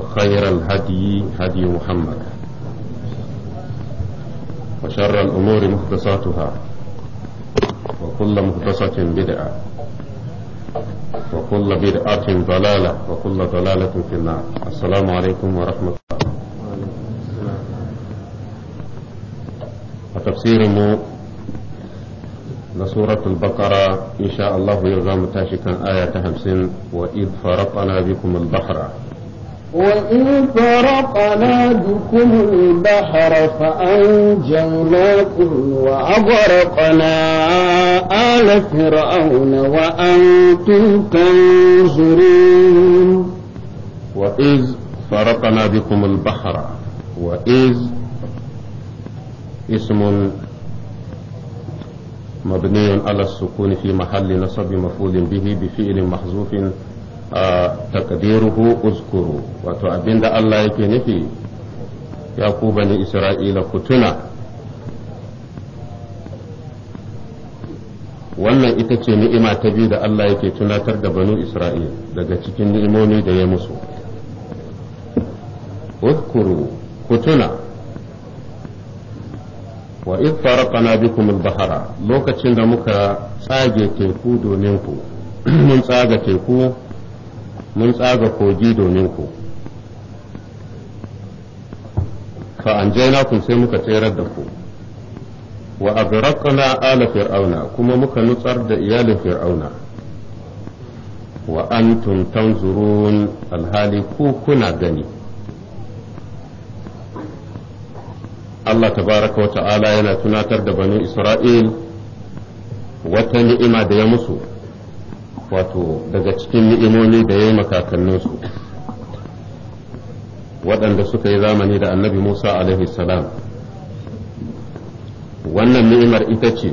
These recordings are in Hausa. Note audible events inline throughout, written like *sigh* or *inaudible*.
وخير الهدي هدي محمد وشر الأمور مختصاتها وكل مختصة بدعة وكل بدعة ضلالة وكل ضلالة في النار السلام عليكم ورحمة الله وتفسير مو لسورة البقرة إن شاء الله يرغم تاشكا آية همسين وإذ فرقنا بكم البحر وإن فرقنا بكم البحر فأنجيناكم وأغرقنا آل فرعون وأنتم تنظرون وإذ فرقنا بكم البحر وإذ اسم مبني على السكون في محل نصب مفعول به بفعل محذوف taqdiruhu uzkuru wato abinda Allah yake nufi ya ku bani Isra'ila ku tuna wannan ita ce ni'ima ta biyu da Allah yake tunatar da banu Isra'ila daga cikin ni'imomi da ya musu uzkuru ku tuna wa idh farqana bikum al-bahra lokacin da muka tsage teku domin ku *clears throat* mun tsaga teku mun tsaga kogi domin ku fa an jaina kun sai muka tserar da ku wa agraqna ala fir'auna kuma muka nutsar da iyalin fir'auna wa antum tanzurun alhali ku kuna gani Allah tabaraka wa ta'ala yana tunatar da banu Isra'il wata ni'ima da ya musu wato daga cikin ni'imomi da ya yi makakanninsu waɗanda suka yi zamani da annabi musa alaihi salam wannan ni'imar ita ce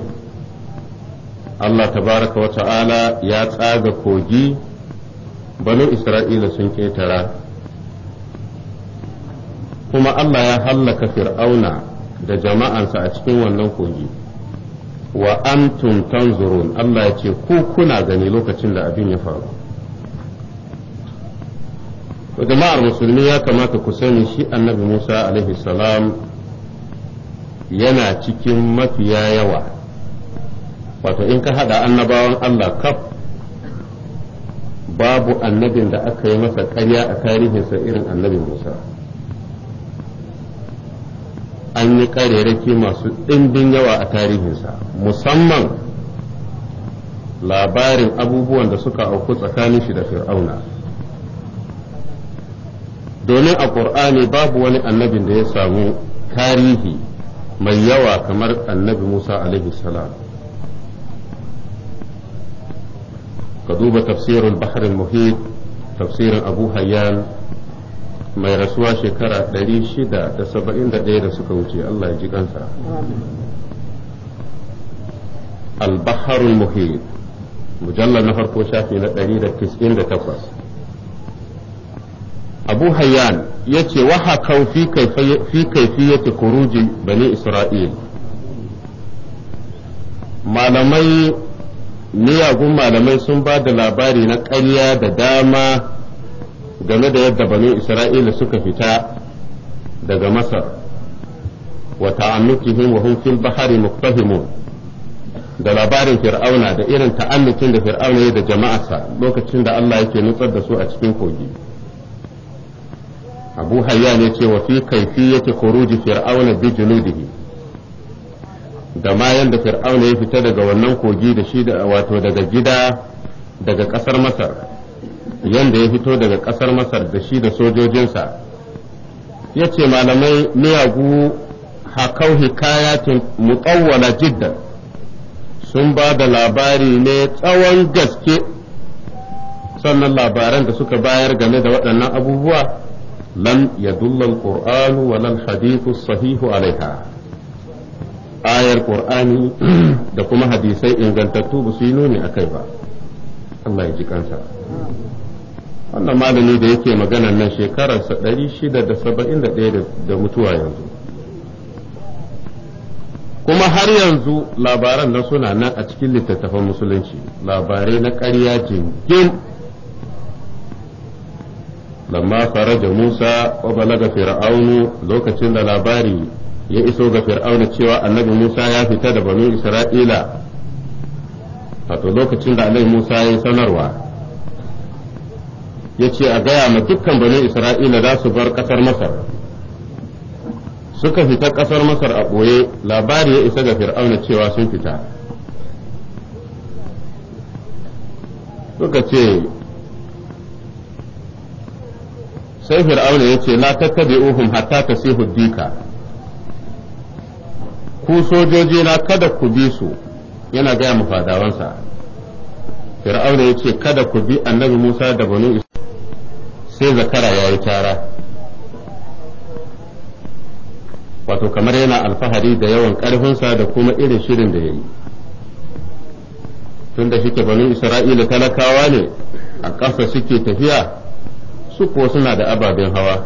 allah tabaraka wa ta'ala ya tsaga kogi banu isra'ila sun ƙetara kuma allah ya hallaka fir'auna da jama'ansa a cikin wannan kogi wa antum tanzurun Allah ya ce ku kuna gani lokacin da abin ya faru jama'ar musulmi ya kamata ku sani shi annabi Musa alaihi salam yana cikin mafiya yawa wato in ka hada annabawan Allah kaf babu annabin da aka yi masa karya a tarihinsa irin annabi Musa an yi ƙarerake masu ɗimbin yawa a tarihinsa musamman labarin abubuwan da suka auku tsakanin shi da fir'auna domin a ƙur'ani babu wani annabin da ya samu tarihi mai yawa kamar annabi musa alaihi salam ka duba tafsirin bahar muhit tafsirin abu hayyan mai rasuwa shekara 671 da suka wuce Allah ya ji kansa al-baharul muhit mujallar na farko shafi na 198 abu hayyan ya ce waha kau fi kaifiyati kuruji bani isra'il malamai miyagun malamai sun ba da labari na ƙarya da dama game da yadda banu isra'ila suka fita daga masar wa ta'ammukihim wa hum fil bahri muqtahimun da labarin fir'auna da irin ta'ammukin da fir'auna ya da jama'arsa lokacin da Allah yake nutsar da su a cikin kogi abu hayya ne ce wa fi yake kuruji fir'auna bi junudihi da ma yanda fir'auna ya fita daga wannan kogi da shi wato daga gida daga kasar masar Yanda ya fito daga ƙasar masar da shi da sojojinsa ya ce malamai miyagu hakau hikayatin muƙawwala jiddan sun ba da labari ne tsawon gaske sannan labaran da suka bayar game da waɗannan abubuwa lam yadulla wa wal hadithu sahihu alaiha ayar qur'ani *clears throat* da kuma hadisai ingantattu ba su yi nuni akai ba Allah ya ji kansa wannan malami da yake maganan nan shekararsa ɗari shida da saba'in da ɗaya da mutuwa yanzu kuma har yanzu labaran na suna nan a cikin littattafan musulunci labarai na ƙarya jingin lamma faraja Musa wa balaga fir'aunu lokacin da labari ya iso ga fir'aunu cewa annabi Musa ya fita da banu Isra'ila wato lokacin da annabi Musa ya sanarwa ya ce a gaya ma dukkan bane isra'ila za su bar ƙasar masar suka fita ƙasar masar a ɓoye labari ya isa ga fir'auna cewa sun fita suka ce sai fir'auna ya ce la tattabi'uhum hatta tasihu dika ku sojoji na kada ku bi su yana gaya mu fadawansa fir'auna ya ce kada ku bi annabi musa da banu isra'ila sai zakara ya yi tara wato kamar yana alfahari da yawan ƙarfinsa da kuma irin shirin da ya yi tun da shike banu isra'ila talakawa ne a ƙasa suke tafiya su ko suna da ababen hawa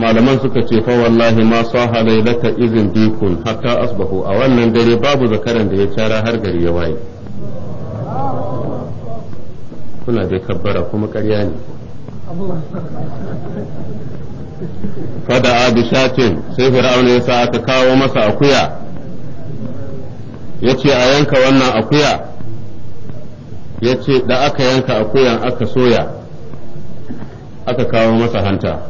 malaman suka ce fa wallahi ma saha lailata izin dikun hatta asbahu a wannan dare babu zakaran da ya cara har gari ya waye kuna dai kabbara kuma ƙarya ne fada bishatin sai fir'auna ya sa aka kawo masa akuya ya ce a yanka wannan akuya ya ce da aka yanka akuyan aka soya aka kawo masa hanta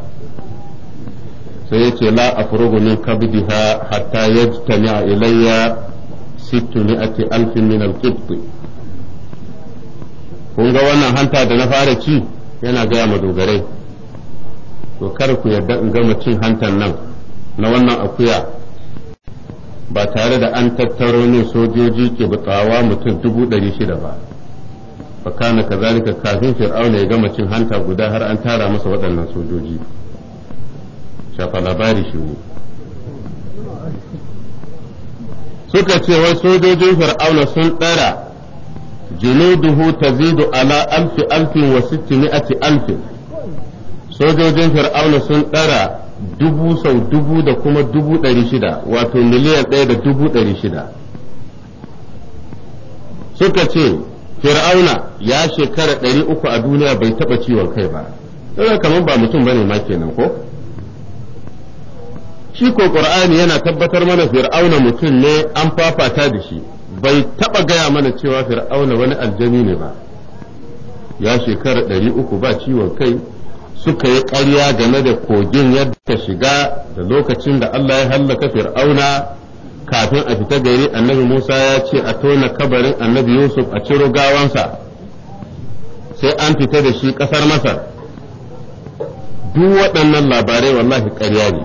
sai ya ce la afrugu min kabdiha hatta yajtami'a ilayya sittu mi'ati alfin min al kun ga wannan hanta da na fara ci yana gaya ma dogarai to kar ku yarda in gama cin hantan nan na wannan akuya ba tare da an tattaro ne sojoji ke butsawa mutum dubu ɗari shida ba fa kana kazalika kafin fir'auna ya gama cin hanta guda har an tara masa waɗannan sojoji shafa labari shi ne suka ce wai sojojin fir'auna sun tsara. جنوده تزيد على ألف ألف وستمائة ألف sojojin fir'auna sun ɗara dubu sau dubu da kuma dubu ɗari shida wato miliyan ɗaya da dubu ɗari shida suka ce fir'auna ya shekara ɗari uku a duniya bai taɓa ciwon kai ba ɗaya kamar ba mutum bane ma kenan ko shi ko ƙur'ani yana tabbatar mana fir'auna mutum ne an fafata da shi bai taba gaya mana cewa fir'auna wani aljami ne ba ya shekara ɗari uku ba ciwon kai suka yi ƙarya game da kogin yadda ta shiga da lokacin da Allah ya hallaka fir'auna kafin a fita gari annabi Musa ya ce a tona kabarin annabi Yusuf a ciro gawansa sai an fita da shi ƙasar Masar duk waɗannan labarai wallahi ƙarya ne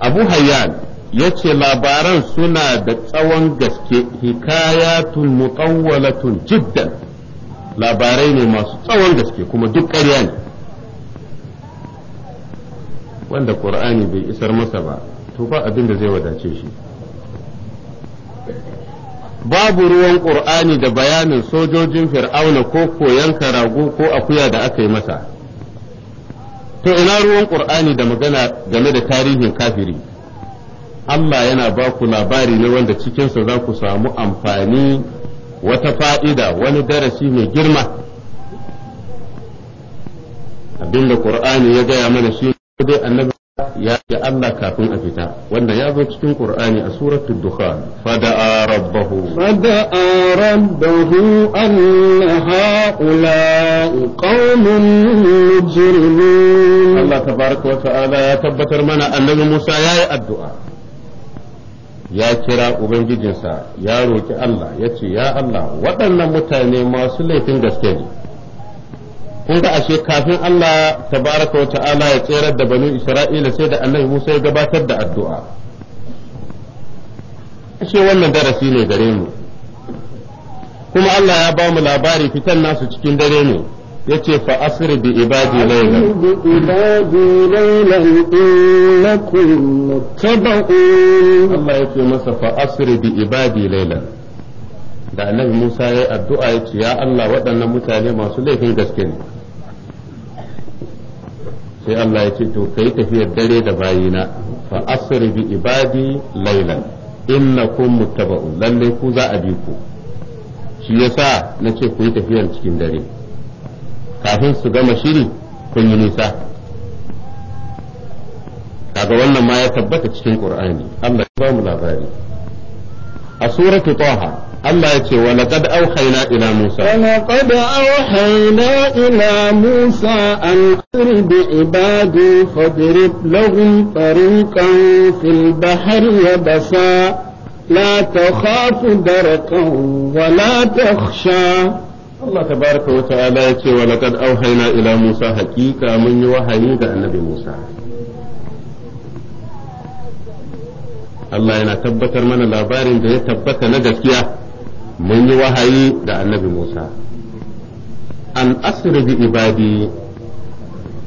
Abu Hayyan Ya ce labaran suna da tsawon gaske hikayatun mutawwalatun jiddan labarai ne masu tsawon gaske kuma duk ƙarya ne wanda ƙur'ani bai isar masa ba to ba abin da zai wadace shi babu ruwan ƙur'ani da bayanin sojojin fir'auna ko koyan karago ko akuya da aka yi masa to ina ruwan ƙur'ani da magana game da tarihin kafiri Allah yana ba ku labari ne wanda cikinsa za ku samu amfani wata fa'ida wani darasi mai girma abinda Qur'ani ya gaya mana shi dai annabi ya yi Allah kafin a fita wanda ya zo cikin Qur'ani a suratul Dukhan fada'a rabbahu fada'a rabbahu anna ha'ula'i qaumun mujrimun Allah tabaraka wa ta'ala ya tabbatar mana annabi Musa ya yi addu'a ya kira ubangijinsa ya roki Allah ya ce ya Allah waɗannan mutane masu laifin gaske ne kun ga ashe kafin Allah tabaraka wa ta'ala ya tserar da banu Isra'ila sai da Annabi Musa ya gabatar da addu'a ashe wannan darasi ne gare mu kuma Allah ya ba mu labari fitan nasu cikin dare ne yace fa asri bi ibadi layla bi ibadi layla innakum Allah yace masa fa asri bi ibadi layla da annabi Musa yayi addu'a yace ya Allah waɗannan mutane masu laifin gaske ne sai Allah ya ce to kai tafiyar dare da bayina fa asri bi ibadi layla innakum muttaba'un lalle ku za a bi ku shi yasa nace ku yi tafiyar cikin dare kafin su gama shiri kun yi nisa kaga wannan ma ya tabbata cikin qur'ani Allah ya ba mu labari a suratu taha Allah ya ce wa laqad awhayna ila Musa wa laqad awhayna ila Musa an qurib ibadi fadrib lahum tariqan fil bahri yabasa la takhafu darqan wa la takhsha Allah ta baraka wa ta'ala ya ce wa laqad auhayna ila Musa haqiqa mun yi wahayi ga annabi Musa Allah yana tabbatar mana labarin da ya tabbata na gaskiya mun yi wahayi da annabi Musa an asri bi ibadi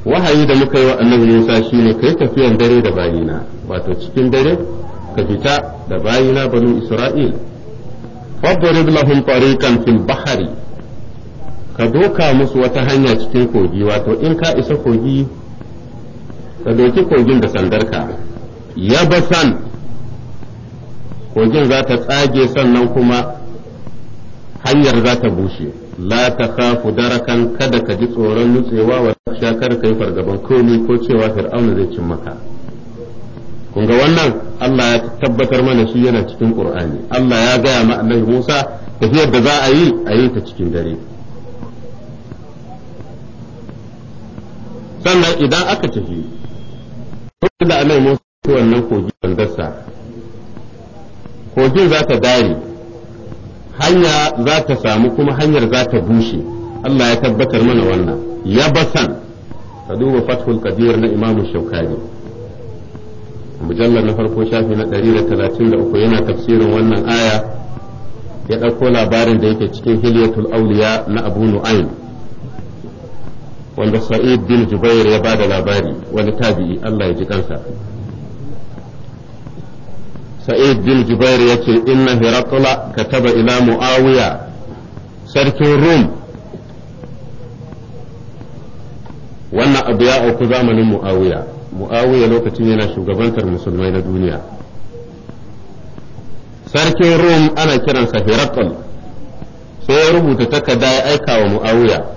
wahayi da muka yi wa annabi Musa shine kai tafiyan dare da bayina wato cikin dare ka fita da bayina banu Isra'il fadrib lahum tariqan fil bahri ka doka musu wata hanya cikin kogi wato in ka isa kogi ka doki kogin da sandarka ya basan kogin za ta tsage sannan kuma hanyar za ta bushe la ta kafu darakan kada ka ji tsoron nutsewa wa shakar kai fargaban komai ko cewa fir'auna zai cin maka kun wannan Allah ya tabbatar mana shi yana cikin Qur'ani Allah ya gaya ma Musa tafiyar da za a yi a yi ta cikin dare sannan idan aka tafi kuma da mun Musa wannan kogi sandarsa kogin za ta dare hanya za ta samu kuma hanyar za ta bushe Allah ya tabbatar mana wannan ya basan ka duba fathul qadir na imamu shaukani mujallar na farko shafi na 133 yana tafsirin wannan aya ya ɗauko labarin da yake cikin hilyatul auliya na abu nu'aym wanda sa'id bin jubair ya bada labari wani tabi'i Allah ya ji kansa sa'id bin jubair ya ce inna ka kataba ila muawiya sarkin rum wannan abu ya auku zamanin muawiya muawiya lokacin yana shugabantar musulmai na duniya sarkin rum ana kiransa hirakul sai ya rubuta takarda ya aika wa muawiya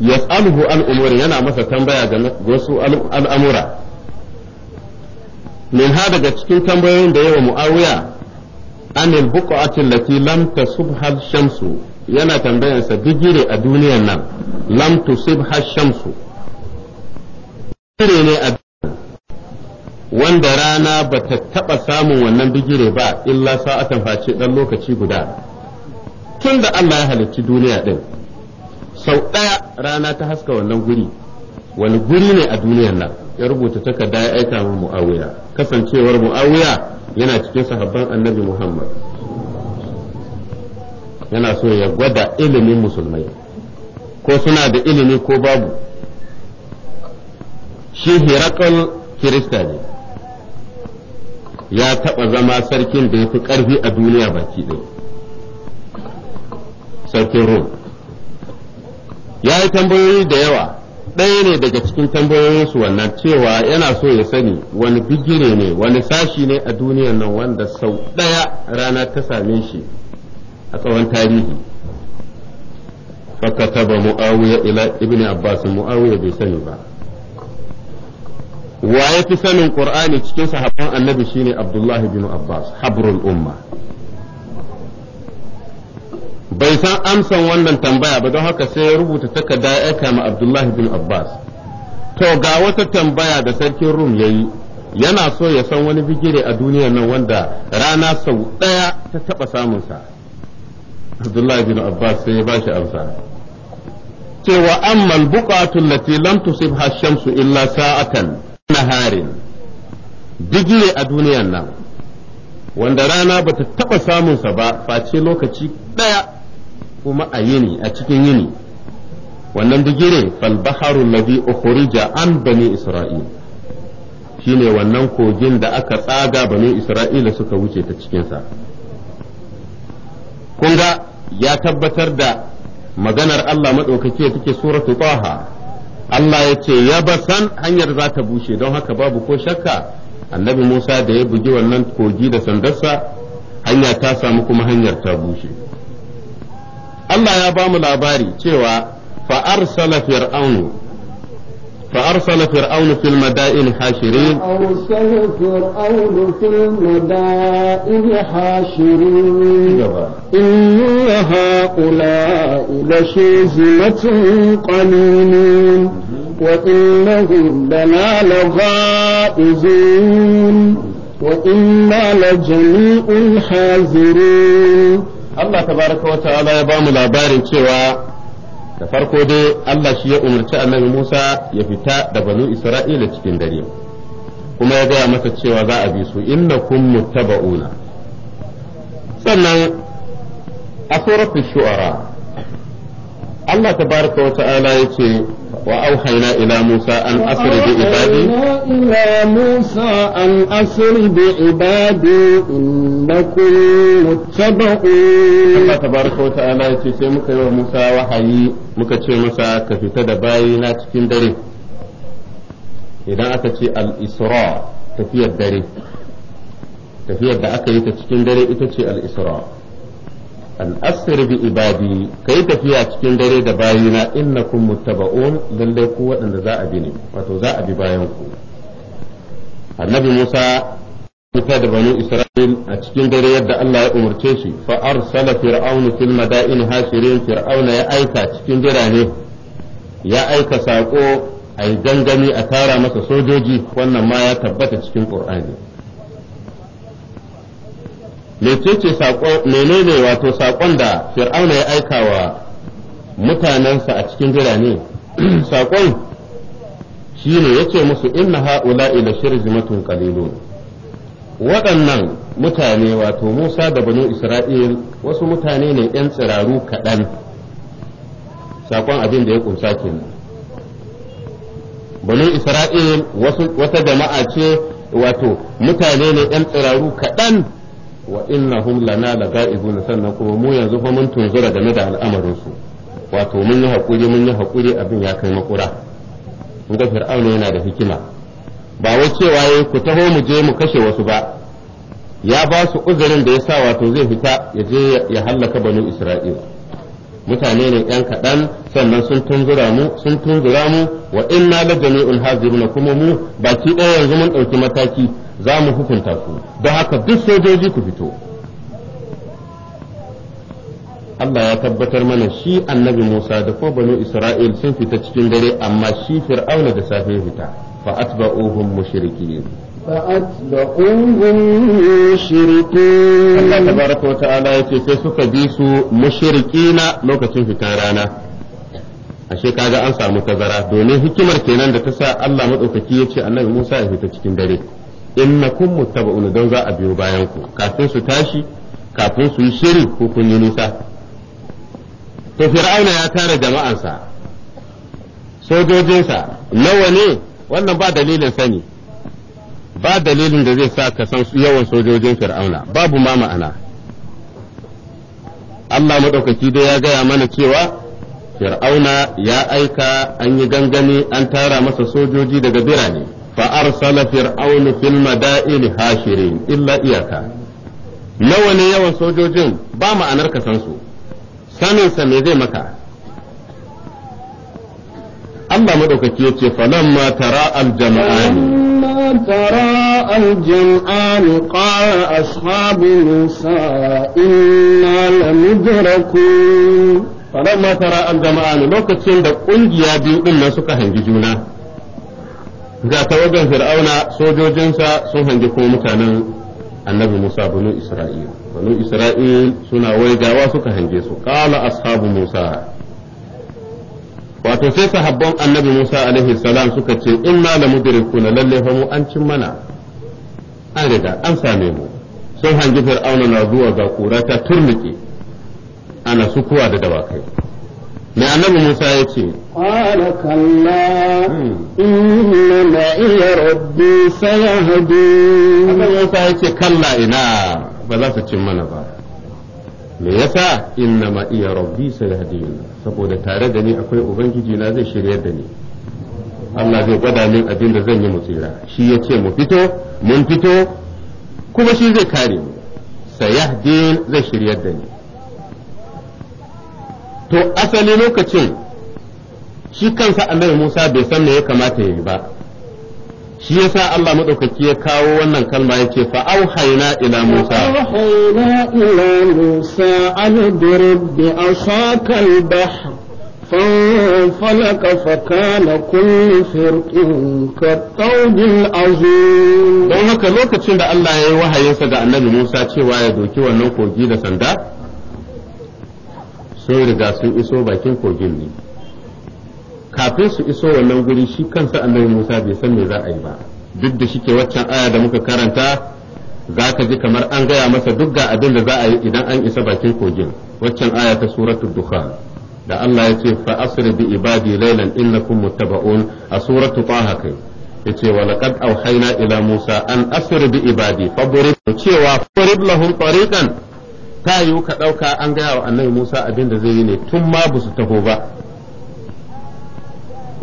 yas an al'umuri yana masa tambaya ga wasu al'amura min ha daga cikin tambayoyin da yawa muawiya anil buqa'ati allati lam tasubha shamsu yana tambayansa digire a duniyar nan lam tusibha shamsu digire ne a wanda rana ba ta taɓa samun wannan bigire ba illa sa'atan face ɗan lokaci guda tun da Allah ya halicci duniya ɗin sau ɗaya rana ta haska wannan guri wani guri ne a duniyar nan ya rubuta takarda ya aika mu mu'awiya kasancewar mu'awiya yana cikin sahabban annabi muhammad yana so ya gwada ilimin musulmai ko suna da ilimi ko babu shi hirakal kirista ne ya taɓa zama sarkin da ya fi ƙarfi a duniya baki ɗaya sarkin rome ya yi tambayoyi da yawa ɗaya ne daga cikin tambayoyinsu wannan cewa yana so ya sani wani bigire ne wani sashi ne a duniyar nan wanda sau ɗaya rana ta same shi a tsawon tarihi ba mu'awiya ila ibn abbas mu'awiyar bai sani ba wa ya fi sanin ƙur'ani cikin sahabban annabi shine abdullahi bin abbas habrul umma bai san amsan wannan tambaya ba don haka sai ya rubuta takarda ya aika ma Abdullahi bin Abbas to ga wata tambaya da sarkin Rum ya yayi yana so ya san wani bigire a duniyar nan wanda rana sau ɗaya ta taɓa samunsa Abdullahi bin Abbas sai ya ba shi amsa cewa ammal buƙatun lati lam tusib hashamsu illa sa'atan naharin bigire a duniyar nan wanda rana ba ta taɓa samunsa ba face lokaci ɗaya kuma a yini a cikin yini wannan bigire fal baharu ladhi ukhrija an bani isra'il shine wannan kogin da aka tsaga bani isra'ila suka wuce ta cikin sa kun ya tabbatar da maganar Allah madaukake take suratu taha Allah ya ce ya basan hanyar za ta bushe don haka babu ko shakka annabi Musa da ya bugi wannan kogi da sandarsa hanya ta samu kuma hanyar ta bushe الله يا بام mu labari فأرسل فرعون فأرسل فرعون في المدائن حاشرين فأرسل فرعون في المدائن حاشرين إن هؤلاء لشيزمة قليلين وإنهم لنا لغائزين وإنا لجميع حاذرين Allah tabaraka wa ta'ala ya bamu labarin cewa da farko dai Allah shi ya umarci annabi Musa ya fita da banu Isra'ila cikin dare kuma ya gaya masa cewa za a bi su innakum muttaba'una sannan a suratul shu'ara Allah tabaraka wa ta'ala yace وأوحينا إلى موسى أن أسر بعبادي إلى موسى أن أسر بعبادي إنكم متبعون الله تبارك وتعالى يتسي مكي وموسى وحي مكتشي موسى كفتد باينا تكين داري إذا أتتي الإسراء تفيد داري tafiyar da aka yi ta cikin dare ita ce al-isra an asir bi ibadi kai tafiya cikin dare da bayina innakum muttaba'un lallai ku waɗanda za a bi ne wato za a bi bayan ku annabi Musa ita da banu Isra'il a cikin dare yadda Allah ya umarce shi fa arsala fir'aunu fil madain hashirin fir'auna ya aika cikin birane ya aika sako ai gangami a tara masa sojoji wannan ma ya tabbata cikin Qur'ani menene wato saƙon da fir'auna ya aika wa mutanensa a cikin birane *clears throat* saƙon shi ne ya ce musu inna ha'ula ila shirzimatun qalilun waɗannan mutane wato musa da banu isra'il wasu mutane ne 'yan tsiraru kaɗan saƙon abin da ya ƙunsa kenan banu isra'il wata jama'a ce wato mutane ne 'yan tsiraru kaɗan wa innahum lana laga'ibun sannan kuma mu yanzu fa mun tunzura game da al'amarin su wato mun yi hakuri mun yi hakuri abin ya kai makura mun ga fir'auna yana da hikima ba wai cewa yayi ku taho mu je mu kashe wasu ba ya ba su uzurin da ya sa wato zai fita ya je ya hallaka banu Isra'il mutane ne yan kaɗan sannan sun tunzura mu sun tunzura mu wa inna la jami'un haziruna kuma mu baki ɗaya yanzu mun ɗauki mataki za mu hukunta ku don haka duk sojoji ku fito Allah ya tabbatar mana shi annabi Musa da ko banu Isra'il sun fita cikin dare amma shi fir'auna da safe fita fa atba'uhum mushrikin فأتبعوهم Allah tabaraka wa ta'ala يتي sai suka bi su mushrikina lokacin fitan rana ashe kaga an samu tazara domin hikimar kenan da ta sa Allah madaukaki ya ce annabi Musa ya fita cikin dare innakum muttaba'un don za a biyo bayan ku kafin su tashi kafin su yi shiri ko kun yi nisa to fir'auna ya tara sa sojojinsa nawa ne wannan ba dalilin sani ba dalilin da zai sa ka san yawan sojojin fir'auna babu ma ma'ana Allah maɗaukaki dai ya gaya mana cewa fir'auna ya aika an yi gangami an tara masa sojoji daga birane fa arsala fir'aunu fil madaini hashirin illa iyaka nawa ne yawan sojojin ba ma'anar ka san su sanin me zai maka Allah madaukaki yace falamma tara al jama'ani ترى الجمعان قال أصحاب موسى إنا لمدركون فلما ترى الجمعان لو كتشين دا قنجيا بيو إنا سكا هنجي جونا ga tawagan fir'auna sojojinsa sun hangi kuma mutanen annabi Musa banu Isra'il banu Isra'il suna waigawa suka hange su qala ashabu Musa wato sai sahabban annabi Musa alaihi salam suka ce inna la mudrikuna lalle fa mu an cin mana an riga an same mu sun hangi fir'auna na zuwa ga kura ta turnike ana sukuwa da dawakai mai annabi Musa ya ce قال كلا إن معي ربي سيهدين هذا يسا يقول كلا إنا بلا تتمنى بها me yasa inna ma iya rabbi تاردني saboda tare da ni akwai ubangiji na zai shiryar da Allah zai gwada min abin da zan yi mu shi ya ce mu fito mun fito kuma shi zai kare mu sayahdin zai shiryar da ni to asali lokacin shi kansa annabi Musa bai san me ya kamata ya yi ba shi yasa Allah madaukaki ya kawo wannan kalma yake fa auhayna ila Musa auhayna ila Musa an durib bi asaka al-bahr فانفلق فكان كل فرق كالطود العظيم don haka lokacin da Allah ya yi wahayinsa ga annabi Musa cewa ya doki wannan kogi da sanda sun riga sun iso bakin kogin ne kafin su iso wannan guri shi kansa annabi Musa bai san me za a yi ba duk da shike waccan aya da muka karanta za ka ji kamar an gaya masa duk ga abin da za a yi idan an isa bakin kogin waccan aya ta suratul dukhan da Allah ya ce fa asri bi ibadi laylan innakum muttaba'un a suratu taha kai yace wa laqad awhayna ila musa an asri bi ibadi fadrib cewa fadrib lahum tariqan ta yi ka dauka an gaya wa annabi musa abin da zai yi ne tun ma busu taho ba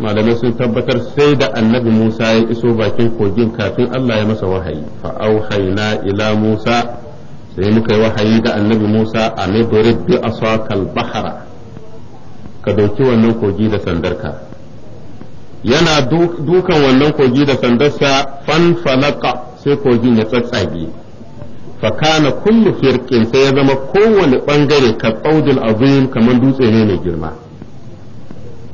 malamai sun tabbatar sai da annabi Musa ya iso bakin kogin kafin Allah ya masa wahayi fa auhayna ila Musa sai muka yi wahayi da annabi Musa a nidrib bi asakal bahara ka dauki wannan kogi da sandarka yana dukan wannan kogi da sandarsa fan falaka sai kogin ya tsatsage fa kana kullu firqin sai ya zama kowane bangare ka tsaudil azim kamar dutse ne mai girma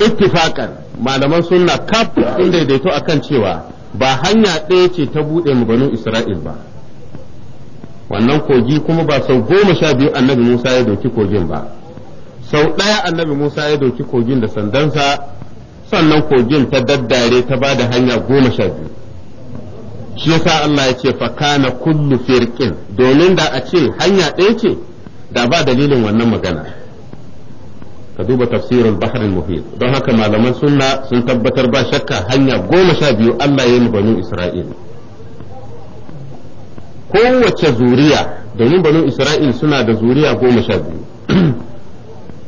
ittifaqan malaman sunna kaf sun daidaito akan cewa ba hanya ɗaya ce ta buɗe mu banu Isra'il ba wannan kogi kuma ba sau goma sha biyu annabi Musa ya doki kogin ba sau ɗaya annabi Musa ya doki kogin da sandansa sannan kogin ta daddare ta ba da hanya goma sha biyu shi yasa Allah ya ce fakana kullu firqin domin da a ce hanya ɗaya ce da ba dalilin wannan magana ka duba tafsirin baharin al don haka malaman sunna sun tabbatar ba shakka hanya goma sha biyu Allah ya yi banu Isra'il kowace zuriya domin banu Isra'il suna da zuriya goma sha biyu *clears throat*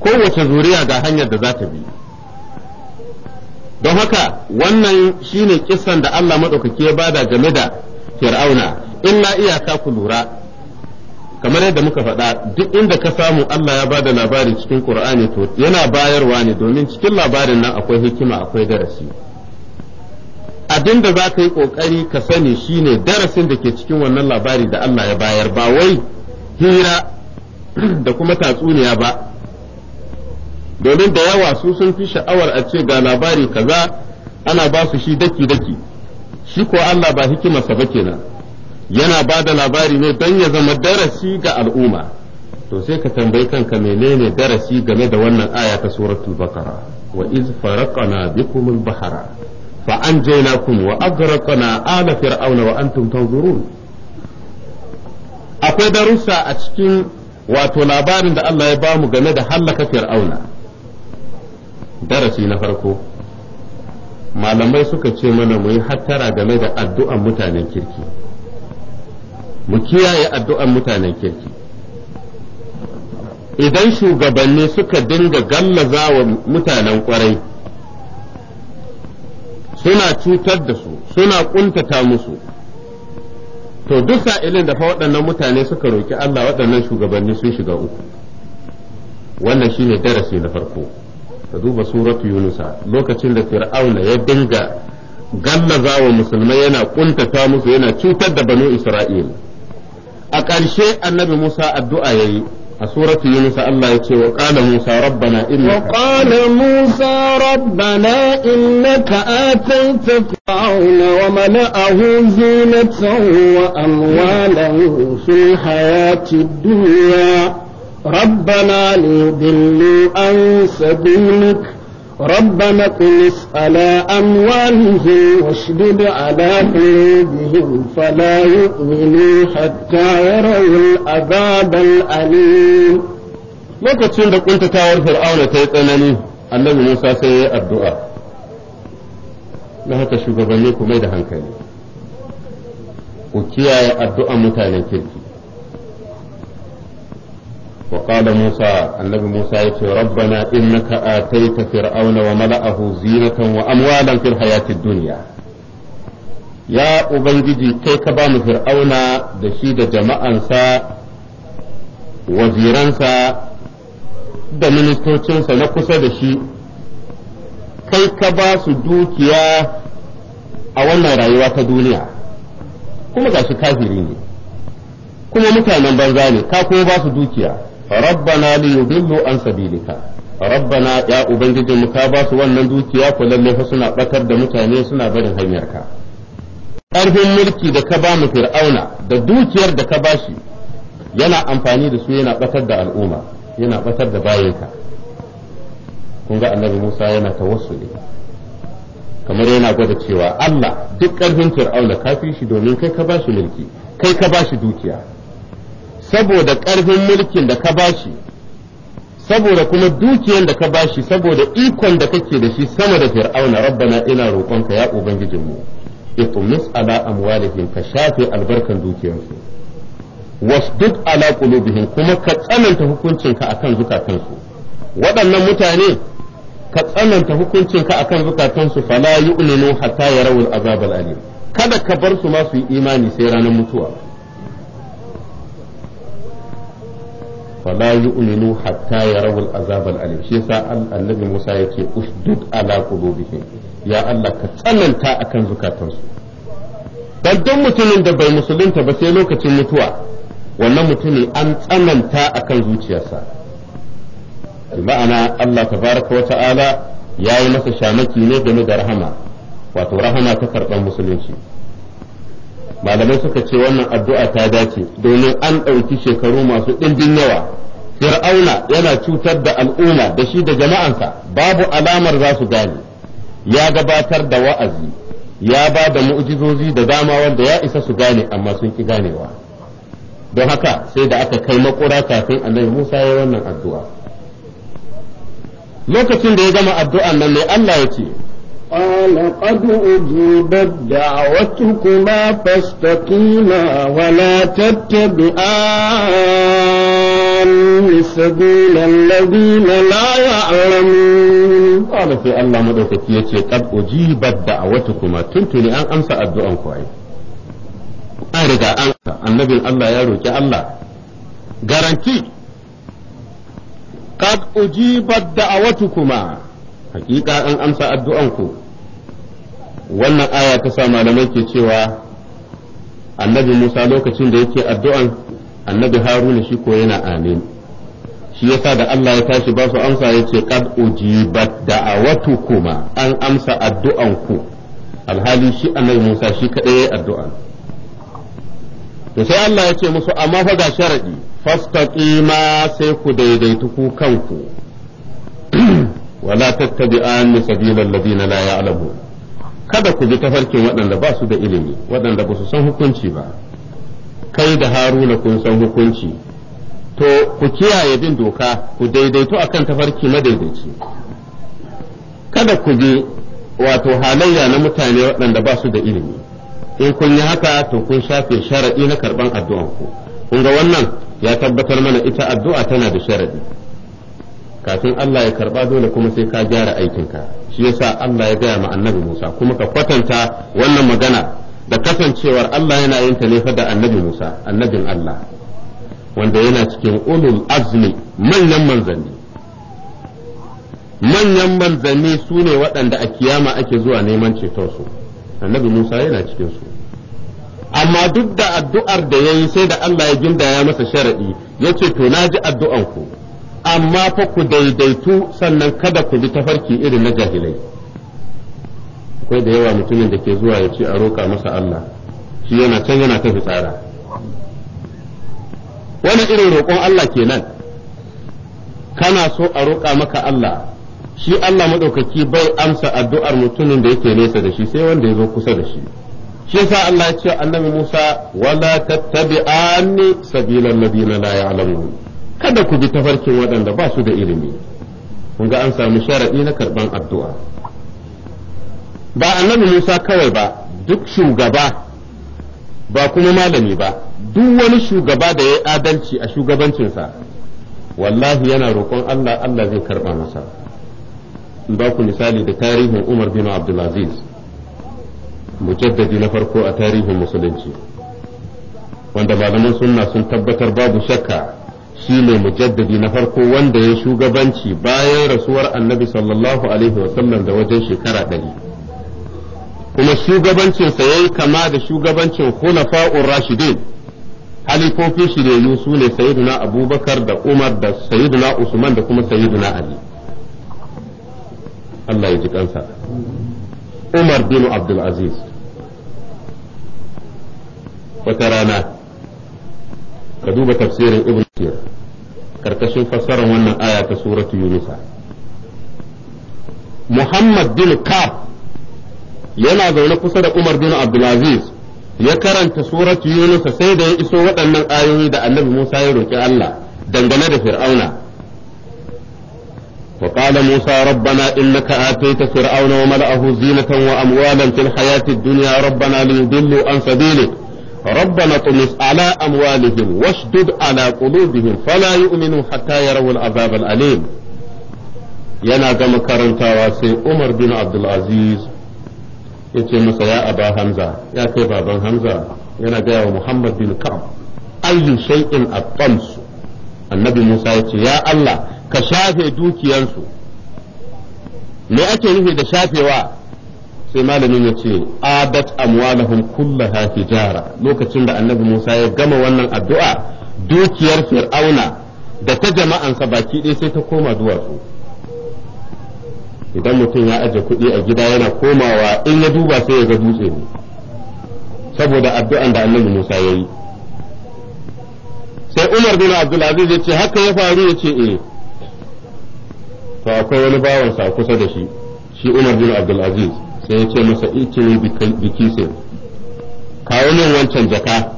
kowace zuriya ga hanyar da za ta bi don haka wannan shine kisan da Allah maɗaukaki ya bada game da fir'auna illa iyaka ku lura kamar yadda muka faɗa duk inda ka samu Allah ya bada labari cikin Qur'ani to yana bayarwa ne domin cikin labarin nan akwai hikima akwai darasi abin da za ka yi kokari ka sani shine darasin da ke cikin wannan labari da Allah ya bayar ba wai hira *clears throat* da kuma tatsuniya ba domin da yawa su sun fi sha'awar a ce ga labari kaza ana ba su shi daki daki shi ko Allah ba hikimarsa ba kenan yana ba da labari ne don ya zama darasi ga al'umma to sai ka tambayi kanka menene darasi game da wannan aya ta suratul bakara wa iz faraqna bikum al-bahara fa anjaynakum wa aghraqna ala fir'auna wa antum tanzurun akwai darussa a cikin wato labarin da Allah ya bamu game da halaka fir'auna darasi na farko malamai suka ce mana mu yi hattara game da addu'an mutanen kirki mu kiyaye addu'an mutanen kirki idan shugabanni suka dinga gallaza wa mutanen kwarai suna cutar da su suna kuntata musu to duk sa'ilin da fa waɗannan mutane suka roki Allah waɗannan shugabanni sun shiga uku wannan shine darasi na farko ka duba suratu yunusa lokacin da fir'auna ya dinga gallaza wa musulmai yana ƙuntata musu yana cutar da banu isra'ila a ƙarshe annabi Musa addu'a yayi a suratu Yunus Allah ya ce wa qala Musa rabbana inna. wa qala Musa rabbana innaka atayta fa'ala wa mala'ahu zinatan wa amwalan fil hayati dunya ربنا ليضلوا an sabilika ربنا اطمس على أموالهم واشدد على قلوبهم فلا يؤمنوا حتى يروا العذاب الأليم lokacin da ƙuntatawar fir'auna ta yi tsanani annabi Musa sai ya yi addu'a na haka shugabanni ku mai da hankali ku kiyaye addu'an mutanen kirki وقال موسى النبي موسى يقول ربنا إنك آتيت فرعون وملأه زينة وأموالا في الحياة الدنيا يا أبنجي كي كبام فرعون دشيد جماعا وزيرانسا da ministocinsa na kusa da shi kai ka ba su dukiya a wannan rayuwa ta duniya kuma gashi kafiri ne kuma mutanen banza ne ka kuma ba su dukiya rabbana li yudillu an sabilika rabbana ya ubangiji mu ka ba su wannan dukiya ko lalle fa suna bakar da mutane suna barin hanyarka ƙarfin mulki da ka ba mu fir'auna da dukiyar da ka ba shi yana amfani da su yana batar da al'umma yana batar da bayanka kun ga annabi Musa yana tawassuli kamar yana gwada cewa Allah duk ƙarfin fir'auna ka fi shi domin kai ka ba shi mulki kai ka ba shi dukiya saboda ƙarfin mulkin da ka bashi saboda kuma dukiyar da ka bashi saboda ikon da kake da shi sama da fir'auna rabbana ina roƙonka ya ubangijinmu itumis ala amwalihim ka shafe albarkan dukiyarsu wasdud ala qulubihim kuma ka tsananta hukuncinka akan zukatansu waɗannan mutane ka tsananta hukuncinka akan zukatansu fala yu'minu hatta yarawul azab alim kada ka bar su ma su yi imani sai ranar mutuwa فلا يؤمنوا حتى يروا العذاب الأليم شيء النبي موسى يتي أشدد على قلوبهم يا الله كتنن تا أكن زكاتنس dan duk mutumin da bai musulunta ba sai lokacin mutuwa wannan mutumi an tsananta akan zuciyarsa ma'ana Allah tabaraka Wata Ala ya yi masa shamaki ne game da rahama wato rahama ta karɓar musulunci malamai suka ce wannan addu'a ta dace domin an ɗauki shekaru masu ɗimbin yawa fir'auna yana cutar da al'umma da shi da jama'ansa babu alamar za su gane ya gabatar da wa'azi ya ba da mu'jizozi da dama wanda ya isa su gane amma sun ki ganewa don haka sai da aka kai makura kafin annabi Musa ya wannan addu'a lokacin da ya gama addu'an nan ne Allah ya ce قال قد أجيبت دعوتكما فاستقيما ولا تتبعان سبيل الذين لا يعلمون قال في الله مدوكتي قد أجيبت دعوتكما تنتني أن أمسى الدعاء كويس an riga an annabin Allah ya roki Allah garanti qad ujibat da'awatukuma hakika an amsa addu'anku wannan aya ta sa malamai ke cewa annabi Musa lokacin da yake addu'an annabi Haruna shi ko yana amin shi yasa da Allah ya tashi ba su amsa yace qad ujibat kuma an amsa addu'an ku alhali shi annabi Musa shi kadai yayi addu'a to sai Allah ya ce musu amma fa ga sharadi fastaqima sai ku daidaitu ku kanku *clears throat* wala tattabi'an sabilal ladina la ya'lamun kada ku bi tafarkin waɗanda ba su da ilimi waɗanda ba su san hukunci ba kai da haruna kun san hukunci to ku kiyaye bin doka ku daidaito a akan tafarki madaidaici kada ku bi wato halayya na mutane waɗanda ba su da ilimi in kun yi haka to kun shafe sharaɗi na karɓan addu'an ku kun ga wannan ya tabbatar mana ita addu'a tana da sharaɗi kafin Allah ya karba dole kuma sai ka gyara aikinka shi yasa Allah ya gaya ma annabi Musa kuma ka kwatanta wannan magana da kasancewar Allah yana yin ta ne fa da annabi Musa annabin Allah wanda yana cikin ulul azmi manyan manzanni manyan manzanni sune waɗanda a kiyama ake zuwa neman cetonsu annabi Musa yana cikin su. amma duk da addu'ar da yayi sai da Allah ya gindaya masa sharaɗi ya ce to na ji addu'anku ku amma fa ku daidaitu sannan kada ku bi tafarki irin na jahilai akwai da yawa mutumin da ke zuwa ya ce a roƙa masa Allah shi yana can yana ta fitsara wani irin roƙon Allah kenan kana so a roƙa maka Allah shi Allah maɗaukaki bai amsa addu'ar mutumin da yake nesa da shi sai wanda ya zo kusa da shi shi yasa Allah ya ce annabi Musa wala tattabi'ani sabilan ladina la ya'lamun kada ku bi tafarkin waɗanda ba su da ilimi kun ga an samu sharaɗi na karɓan addu'a ba annabi Musa kawai ba duk shugaba ba kuma malami ba duk wani shugaba da ya adalci a shugabancinsa wallahi yana roƙon Allah Allah zai karɓa masa ba ku misali da tarihin Umar bin Abdulaziz mujaddadi na farko a tarihin musulunci wanda malaman sunna sun tabbatar babu shakka shi ne mujaddadi na farko wanda ya shugabanci bayan rasuwar annabi sallallahu alaihi wasallam da wajen shekara ɗari kuma shugabancinsa ya yi kama da shugabancin khulafa'ur rashidin halifofin shiryayyu su ne sayyiduna abubakar da umar da sayyiduna usman da kuma sayyiduna ali Allah ya ji kansa umar bin abdulaziz wata rana ka duba tafsirin ibn kir karkashin fassarar wannan aya ta suratu yunusa muhammad bin kaf yana zaune kusa da umar bin abdulaziz ya karanta suratu yunusa sai da ya iso waɗannan ayoyi da annabi musa ya roƙi allah dangane da fir'auna وقال موسى ربنا إنك آتيت فرعون وملأه زينة وأموالا في الحياة الدنيا ربنا ليضلوا عن سبيلك ربنا طمس على أموالهم واشدد على قلوبهم فلا يؤمنوا حتى يروا العذاب الأليم yana ga makarantawa sai Umar bin Abdulaziz ya ce masa ya aba Hamza ya kai baban Hamza yana gaya wa Muhammad bin Ka'ab ayyu shay'in at-tams annabi Musa yace ya Allah ka shafe dukiyansu me ake nufi da shafewa sai malamin ya ce adat amwalahum kullaha tijara lokacin da annabi Musa ya gama wannan addu'a dukiyar fir'auna da ta jama'ansa baki ɗaya sai ta koma duwatsu idan mutum ya aje kuɗi a gida yana komawa in ya duba sai ya ga dutse ne saboda addu'an da annabi Musa ya yi sai Umar bin Abdulaziz ya ce haka ya faru ya ce eh to akwai wani bawansa kusa da shi shi Umar bin Abdulaziz sai ya ce masa ice biki sai kawo min wancan jaka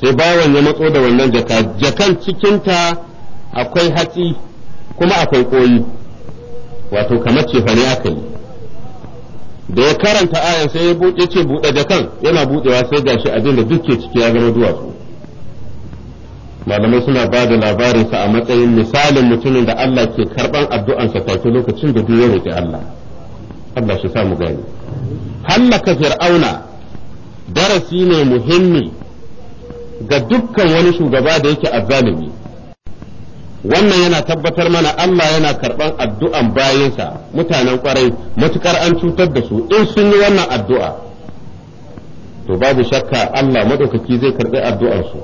sai bawan ya matso da wannan jaka jakan cikinta akwai hatsi kuma akwai koyi wato kamar cefane aka yi da ya karanta ayan sai ya ce buɗe jakan yana buɗewa sai gashi abin da duk ke ciki ya zama duwatsu malamai suna ba da labarinsa a matsayin misalin mutumin da Allah ke karɓan addu'ansa take lokacin da duk ya roƙi Allah Allah shi samu gani hallaka fir'auna darasi ne muhimmi ga dukkan wani shugaba da yake azzalimi wannan yana tabbatar mana Allah yana karban addu'an bayansa mutanen kwarai matukar an cutar da su in sun yi wannan addu'a to babu shakka Allah madaukaki zai karbi su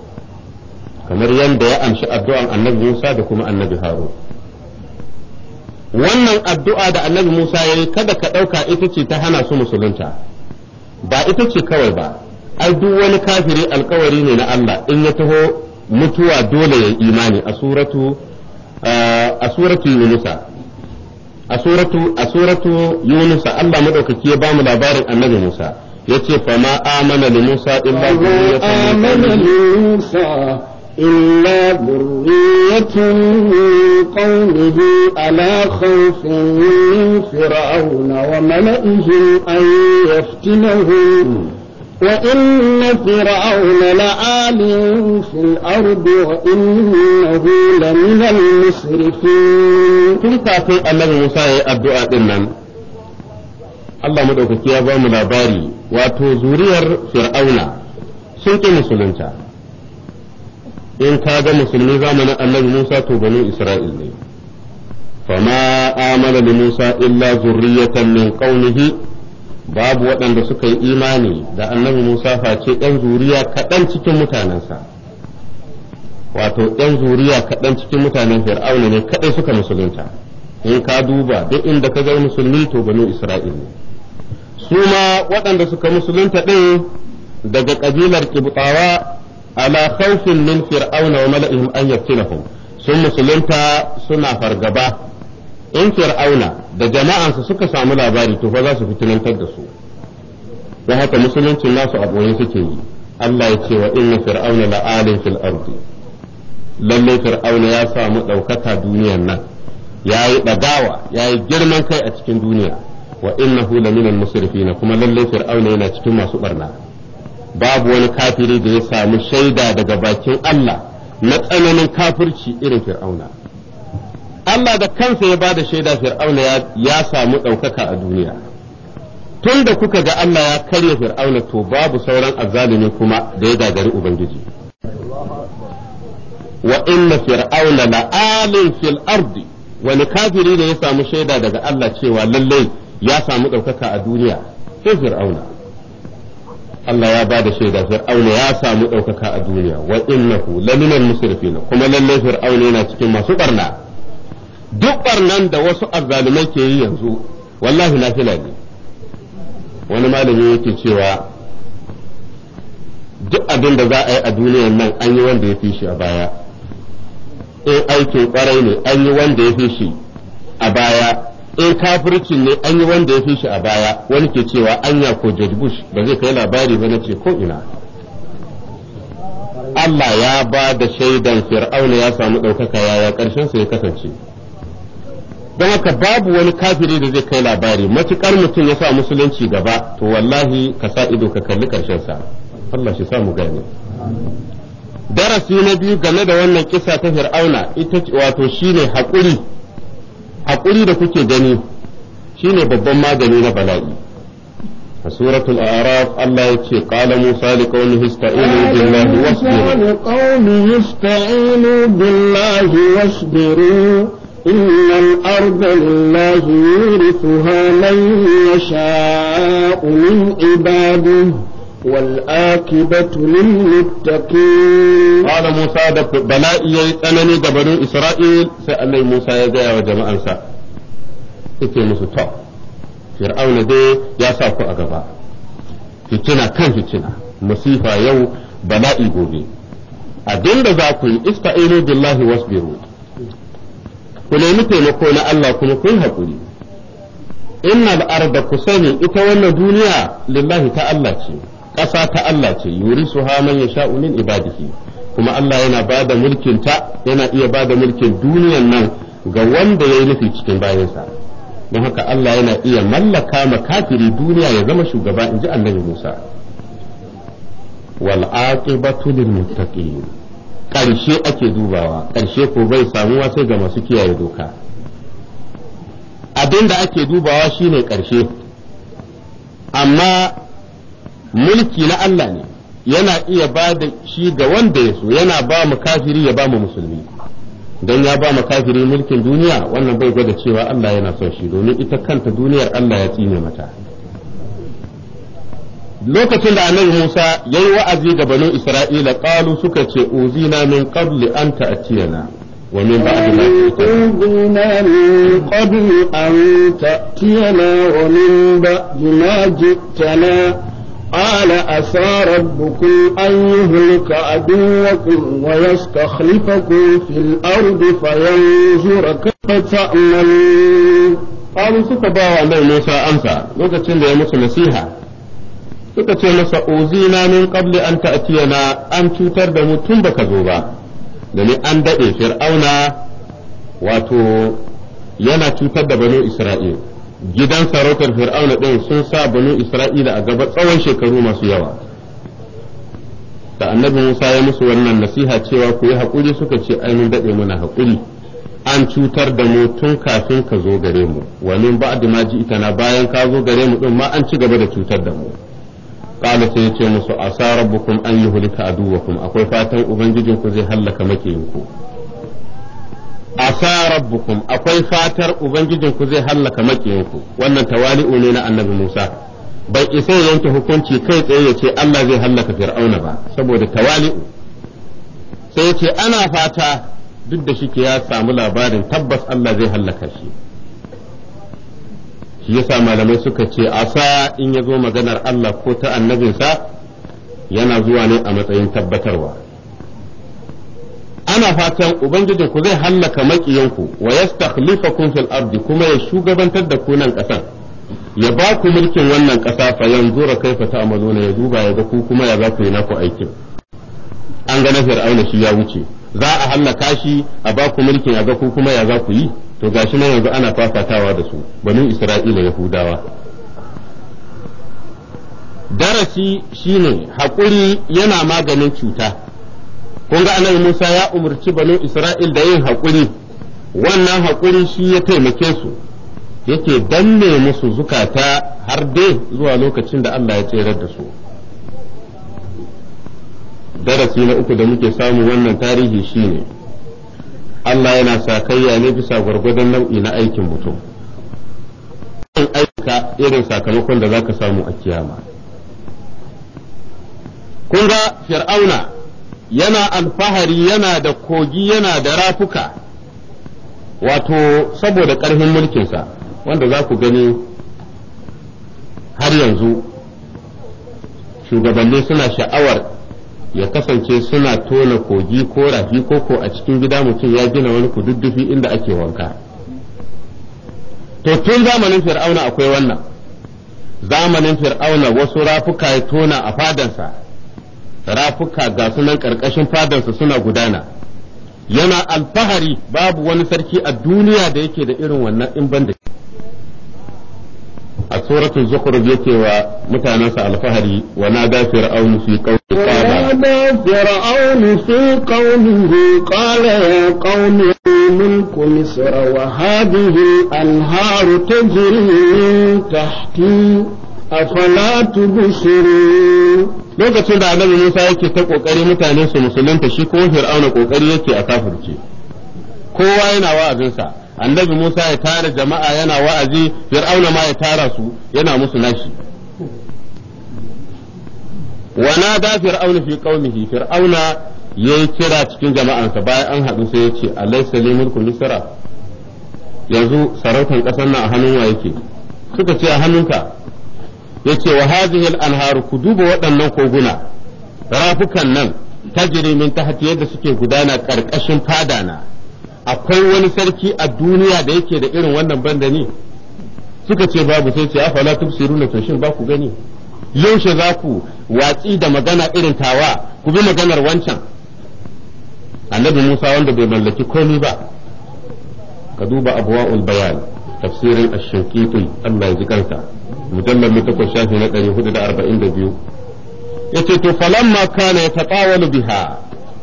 kamar yadda ya amshi addu'an annabi Musa da kuma annabi Harun wannan addu'a da annabi Musa ya yi kada ka ɗauka ita ce ta hana su musulunta ba ita ce kawai ba ai duk wani kafiri alkawari ne na Allah in ya taho mutuwa dole ya imani a suratu a suratu Yunusa a suratu a suratu Yunusa Allah madaukaki ya bamu labarin annabi Musa yace fa ma amana li Musa illa bi إلا ذرية من قومه ألا خوف من فرعون وملئهم أن يفتنهم وإن فرعون لآل في الأرض وإنه لمن المسرفين كنت أقول النبي موسى الدعاء إنن Allah madaukaki ya ba mu labari wato zuriyar Fir'auna sun ƙi musulunta in ka ga musulmi zamanin annabi Musa to banu Isra'il ne fama amana li Musa illa zurriyatan min qaumihi babu waɗanda suka yi imani da annabi Musa face ɗan zuriya kaɗan cikin mutanensa wato ɗan zuriya kaɗan cikin mutanen fir'auna ne kaɗai suka musulunta in ka duba duk inda ka ga musulmi to banu Isra'il ne su ma waɗanda suka musulunta ɗin daga ƙabilar kibtawa ala khawfin min fir'auna wa mala'ihim an yaftinahum sun musulunta suna fargaba in fir'auna da jama'an jama'ansa suka samu labari tufa fa za su fitinantar da su don haka musuluncin nasu a boye suke yi Allah ya ce wa inna fir'auna la'alin fil lallai lalle fir'auna ya samu ɗaukaka duniyan nan yayi ɗagawa yayi girman kai a cikin duniya wa innahu lamina musrifina kuma lalle fir'auna yana cikin masu barna babu wani kafiri da ya samu shaida daga bakin Allah na tsananin kafirci irin fir'auna Allah da kansa ya bada shaida fir'auna ya samu ɗaukaka a duniya tun da kuka ga Allah ya karya fir'auna to babu sauran azalimi kuma da ya gagari ubangiji wa inna fir'auna la'alin fil ardi wani kafiri da ya samu shaida daga Allah cewa lallai ya samu ɗaukaka a duniya sai fir'auna Allah ya ba da shaida fir'auna ya samu ɗaukaka a duniya wa innahu laminal musrifin kuma lalle fir'auna yana cikin masu barna duk barnan da wasu azzalumai ke yi yanzu wallahi na fila ne wani malami yake cewa duk abin da za a yi a duniyar nan an yi wanda ya fi shi a baya in aikin kwarai ne an yi wanda ya fi shi a baya in eh, kafirki ne an yi wanda ya fi shi a baya wani ke cewa anya ko George Bush ba zai kai labari ba na ce ko ina Allah ya ba da shaidan fir'auna ya samu ɗaukaka yaya ƙarshen sa ya kasance don haka babu wani kafiri da zai kai labari matukar mutum ya sa musulunci gaba to wallahi ka sa ido ka kalli ƙarshen sa Allah shi sa mu gane darasi na biyu game da wannan kisa ta fir'auna ita wato shine haƙuri haƙuri da kuke gani shine babban magani na bala'i a suratul araf Allah ya ce qala musa li qaumihi ista'inu billahi wasbiru qaumihi ista'inu billahi wasbiru إن الأرض لله يورثها من يشاء من عباده والآكبة للمتقين قال موسى بلاء أنني بنو إسرائيل سألني موسى يجايا وجماعة سا إتي موسى طب فرعون دي يا ساكو أقبا فتنة كان فتنة مصيفة يو بلاء قولي أدين ذاكم استعينوا بالله واصبروا كل تيمكون الله كم كن هكولي إن الأرض كسني إتوانا دنيا لله تعالى ƙasa ta Allah ce yuri yurisuha man sha unin ibadihi kuma Allah yana bada mulkin ta yana iya bada mulkin duniyan nan ga wanda yayi nufi cikin bayansa don haka Allah yana iya mallaka ma kafiri duniya ya zama shugaba inji Annabi Musa wal aqibatu lil muttaqin ƙarshe ake dubawa ƙarshe ko bai samuwa sai ga masu kiyaye doka Abinda ake dubawa shine ƙarshe amma mulki na Allah ne yana iya ba da shi ga wanda ya so yana ba mu kafiri ya ba mu musulmi don ya ba mu kafiri mulkin duniya wannan bai gwada cewa Allah yana son shi domin ita kanta duniyar Allah ya tsine mata lokacin da annabi Musa ya wa'azi ga banu Isra'ila qalu suka ce uzina min qabli an ta'tiyana wa min ba'di ma uzina min qabli an ta'tiyana wa min ba'di ma قال عسى ربكم أن يهلك عدوكم ويستخلفكم في الأرض فينظر كيف تعملون قالوا suka ba wa Musa amsa lokacin da ya musu nasiha suka ce masa uzina min qabli an ta'tiyana an cutar da mu tun baka zo ba domin an daɗe fir'auna wato yana cutar da banu Isra'il gidan sarautar fir'auna ɗin sun sa banu isra'ila a gaba tsawon shekaru masu yawa da annabi musa ya musu wannan nasiha cewa ku yi haƙuri suka ce ai mun daɗe muna haƙuri an cutar da mu tun kafin ka zo gare mu wa min ba'd ma na bayan ka zo gare mu din ma an ci gaba da cutar da mu qala sai ya ce musu asa rabbukum an yi yuhlika aduwakum akwai fatan ubangijinku zai hallaka makiyinku asa rabbukum akwai fatar ubangijin ku zai hallaka makiyanku wannan tawali'u ne na annabi Musa bai isa ya yanke hukunci kai tsaye ya ce Allah zai hallaka fir'auna ba saboda tawali'u sai ya ce ana fata duk da shike ya samu labarin tabbas Allah zai hallaka shi shi yasa malamai suka ce asa in ya zo maganar Allah ko ta annabinsa yana zuwa ne a matsayin tabbatarwa ana fatan ubangijin ku zai hallaka makiyanku wa yastakhlifakum fil ardi kuma ya shugabantar da ku nan kasan ya ba ku mulkin wannan kasa fa yanzura kaifa ta'maluna ya duba ya ga ku kuma ya za ku yi naku aikin an ga na fir'auna shi ya wuce za a hallaka shi a ba ku mulkin a ga ku kuma ya za ku yi to gashi nan yanzu ana fafatawa da su banu isra'ila yahudawa darasi shine haƙuri yana maganin cuta kun ga annabi Musa ya umarci banu Isra'il da yin haƙuri wannan haƙuri shi ya taimake su yake danne musu zukata har dai zuwa lokacin da Allah ya tserar da su darasi na uku da muke samu wannan tarihi shine Allah yana sakayya ne bisa gwargwadon nau'i na aikin mutum aika irin sakamakon da za ka samu a kiyama kun ga fir'auna yana alfahari yana da kogi yana da rafuka wato saboda ƙarfin mulkinsa wanda za ku gani har yanzu shugabanni suna sha'awar ya kasance suna tona kogi ko rafi koko a cikin gida mutum ya gina wani kududdufi inda ake wanka to tun zamanin fir'auna akwai wannan zamanin fir'auna wasu rafuka ya tona a fadansa rafuka ga sunan karkashin fadarsa suna gudana yana alfahari babu wani sarki a duniya da yake da irin wannan in banda a suratul zukhruf yake wa mutanansa alfahari wa na nada fir'aun fi qawmi qala fir'aun fi qawmihi qala ya qawmi mulku misra wa hadhihi al-anharu tajri min tahti lokacin da annabi Musa yake ta kokari mutanen su musulunta shi ko Fir'auna kokari yake a kafirce kowa yana wa'azinsa annabi Musa ya tara jama'a yana wa'azi Fir'auna ma ya tara su yana musu nashi da Fir'auna fi qaumihi Fir'auna yayi kira cikin jama'an sa bayan an haɗu sai ya ce alaysa li misra yanzu sarautan ƙasar nan a hannun wa yake suka ce a hannunka yace wa hadhihi al-anharu ku duba waɗannan koguna rafukan nan tajri min tahti yadda suke gudana karkashin fada na akwai wani sarki a duniya da yake da irin wannan bandani suka ce babu sai ce afala tubsiruna to shin ba ku gani yaushe za ku watsi da magana irin tawa ku bi maganar wancan annabi Musa wanda bai mallaki komai ba ka duba abwaul bayan tafsirin ash Allah ya ji mujallar na takwas shafi na ɗari hudu da arba'in da biyu ya ce to falamma kana ya biha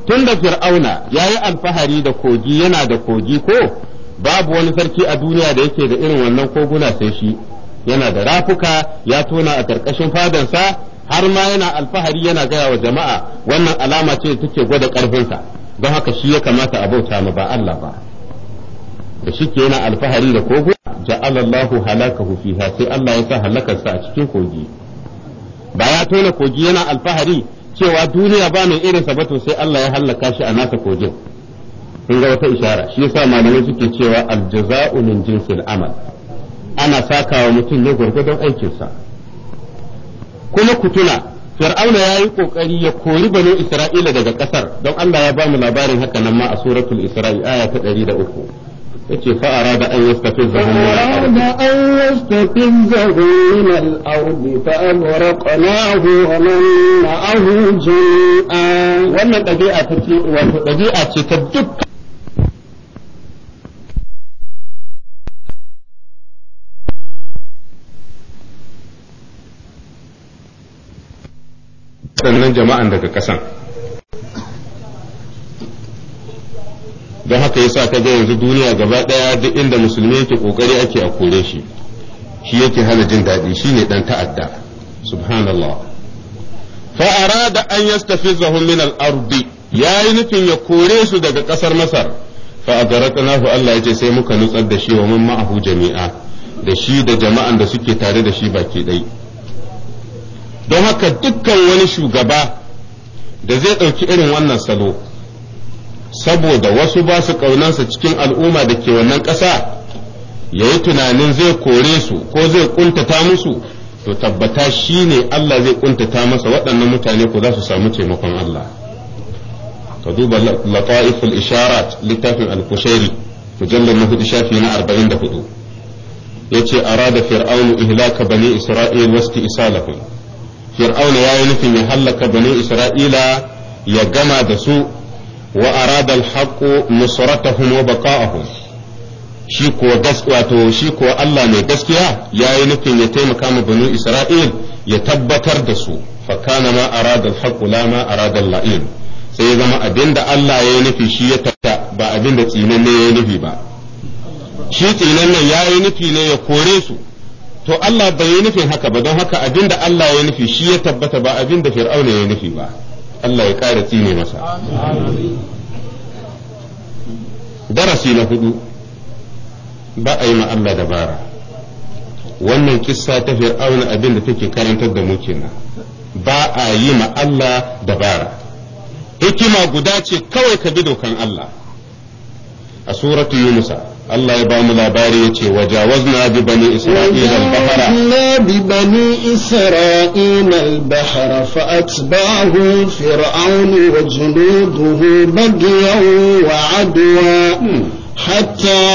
tun da fir'auna ya yi alfahari da kogi yana da kogi ko babu wani sarki a duniya da yake da irin wannan koguna sai shi yana da rafuka ya tona a ƙarƙashin fadansa har ma yana alfahari yana gaya wa jama'a wannan alama ce da take gwada ƙarfinsa don haka shi ya kamata a bauta ma ba Allah ba da shi yana alfahari da kogo ja'alallahu halakahu fiha sai Allah ya sa sa a cikin kogi ba ya tona kogi yana alfahari cewa duniya ba mai irin ba sai Allah ya halaka shi a nasa kogin kun ga wata ishara shi yasa malamai suke cewa aljaza'u min jinsil amal ana sakawa mutum ne gurgurdan aikinsa kuma ku tuna fir'auna ya yi kokari ya kori bano isra'ila daga kasar don Allah ya ba mu labarin haka nan ma a suratul isra'i aya ta 103 يتي فأراد أن يستفزه من الأرض أن يستفزهم من الأرض فأغرقناه ومن معه جميعا وأن الطبيعة تتي والطبيعة تدك سنن جماعة عندك كسان don haka yasa ka ga yanzu duniya gaba daya duk inda musulmi yake kokari ake a kore shi shi yake hana jin daɗi shine dan ta'adda subhanallah fa arada an yastafizahum min al-ardi yayi nufin ya kore su daga kasar masar fa agaratnahu Allah yace sai muka nutsar da shi wa mun ma'ahu jami'a da shi da jama'an da suke tare da shi baki ɗai don haka dukkan wani shugaba da zai ɗauki irin wannan salo saboda wasu ba su ƙaunansa cikin al'umma da ke wannan ƙasa ya yi tunanin zai kore su ko zai ƙuntata musu to tabbata shi ne Allah zai ƙuntata masa waɗannan mutane ko za su samu taimakon Allah ka duba lata'iful isharat littafin al-kushairi mujallar na hudu shafi na arba'in da hudu ya ce arada fir'aunu ihlaka bani isra'il wasti isalahum fir'auna ya yi nufin ya hallaka bani isra'ila ya gama da su wa arada alhaqu nusratahum wa baqa'ahum shi ko to shi ko Allah mai gaskiya yayi nufin ya taimaka mu bani Isra'il ya tabbatar da su fa kana ma arada alhaqu la ma arada al-la'in sai ya zama abinda Allah yayi nufi shi ya tabbata ba abinda tsinanne yayi nufi ba shi tsinanne yayi nufi ne ya kore su to Allah bai yi nufin haka ba don haka abinda Allah ya nufi shi ya tabbata ba abinda Fir'auna ya nufi ba Allah ya ƙara tsine masa darasi na hudu ba a yi ma Allah dabara wannan kissa ta fir'auna abin da take karantar da mu kenan ba a yi ma Allah dabara hikima guda ce kawai ka bi dokan Allah a suratul yunusa الله يبان لباري وجاوزنا ببني إسرائيل البحر وجاوزنا ببني إسرائيل البحر فأتبعه فرعون وجنوده بغيا وعدوا حتى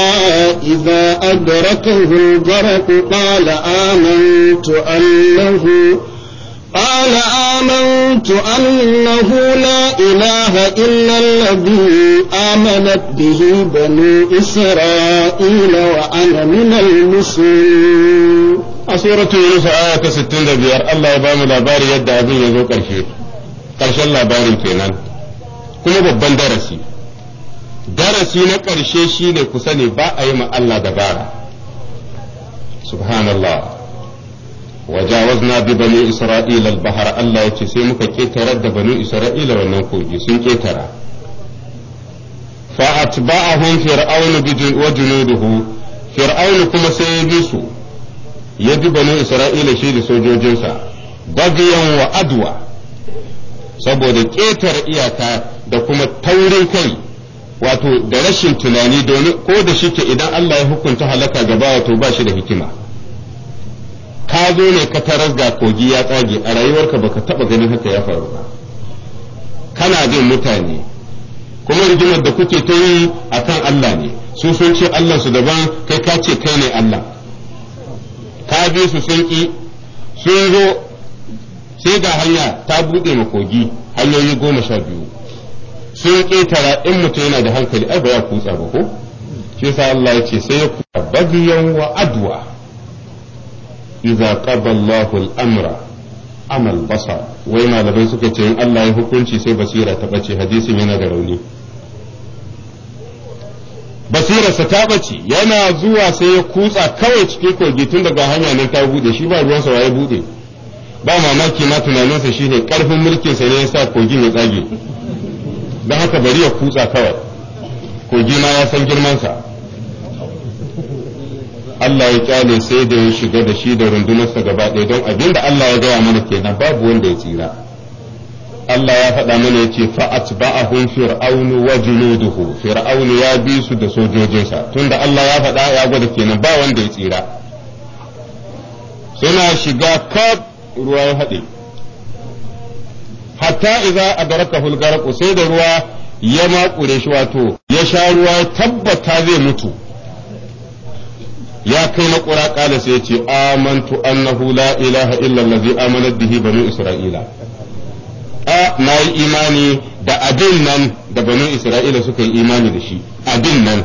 إذا أدركه الغرق قال آمنت أنه قال آمنت أنه لا إله إلا الذي آمنت به بنو إسرائيل وأنا من المسلمين أسورة يونس آية 65 الله يبام لاباري يد أبي يزو كرشي كرشي لاباري كينان كما ببان درسي درسي نكرشي شي نكسني با أيما الله دبارا سبحان الله wajen wasu na bi banin isra'ila albahar muka ƙetare da banin isra'ila wa nan ƙoƙi sun ƙetare. fa'ad ba'a hohufin fir'auna wajen ni kuma sai ya bi su ya bi banin isra'ila shi da sojojinsa ba ga wa adawa saboda ƙetare iyaka da kuma taurin kai wato da rashin tunani ko da shike idan allah ya hukunta halaka ga gabawa to ba shi da hikima. ka zo ne ka tarar ga kogi ya tsage a rayuwarka baka taba ganin haka ya faru ba kana bin mutane kuma rigimar da kuke ta yi akan Allah ne su sun ce Allah su daban kai ka ce kai ne Allah ka bi su sun ki sun zo sai ga hanya ta buɗe ma kogi hanyoyi goma sha biyu sun ƙetara in mutum yana da hankali ai ba ya kutsa ba ko shi sa Allah ya ce sai ya kutsa bagiyan wa adwa idza qada Allahu al-amra amal basar wai malamai suka ce in Allah ya hukunci sai basira ta bace hadisin yana da rauni basirarsa ta bace yana zuwa sai ya kutsa kawai cike kogi tun daga hanya nan ta bude shi ba ruwansa waye bude ba mamaki ma tunaninsa shine karfin mulkin sa ne ya sa kogin ya tsage don haka bari ya kutsa kawai kogi ma ya san girmansa Allah ya kyale sai da ya shiga da shi da rundunarsa gaba ɗaya don abin da Allah ya gaya mana kenan babu wanda ya tsira Allah ya faɗa mana ya ce fa'at ba'ahun fir'aunu wa junuduhu fir'aunu ya bi su da sojojinsa tunda Allah ya faɗa ya gwada kenan ba wanda ya tsira suna shiga kab ruwa ya haɗe hatta idza adrakahu al-gharq sai da ruwa ya makure shi wato ya sha ruwa tabbata zai mutu ya kai ƙura ƙala sai ce amantu annahu la ilaha illa allazi amanat bihi banu isra'ila a na yi imani da abin nan da banu isra'ila suka yi imani da shi abin nan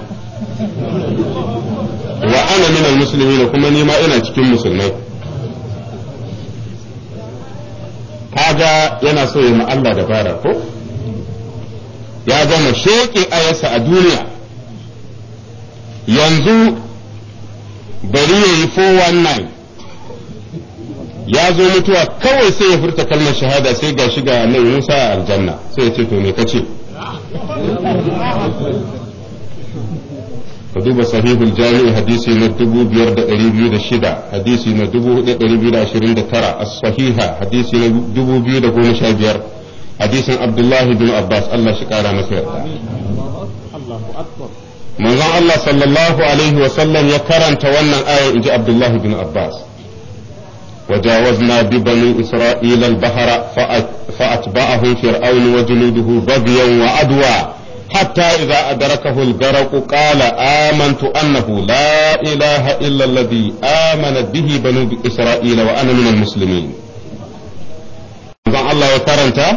wa ana minal da kuma nima ina cikin musulmai kaga yana so ya Allah dabara ko ya gama shekin ayasa a duniya yanzu bari ya yi 419 ya zo mutuwa kawai sai ya furta kalmar shahada sai ga shiga nan Musa a aljanna sai ya ce to me kace ka duba sahihul jami'i hadisi na 5206 hadisi na 4229 as-sahiha hadisi na 2015 hadisin Abdullahi bin Abbas Allah shi kara masa yarda Allahu akbar manzon Allah sallallahu alaihi wasallam ya karanta wannan aya in ji Abdullah bin Abbas وجاوزنا ببني إسرائيل البحر فأتبعهم فرعون وجنوده بغيا وعدوى حتى إذا أدركه الغرق قال آمنت أنه لا إله إلا الذي آمنت به بنو إسرائيل وأنا من المسلمين. الله يكرمته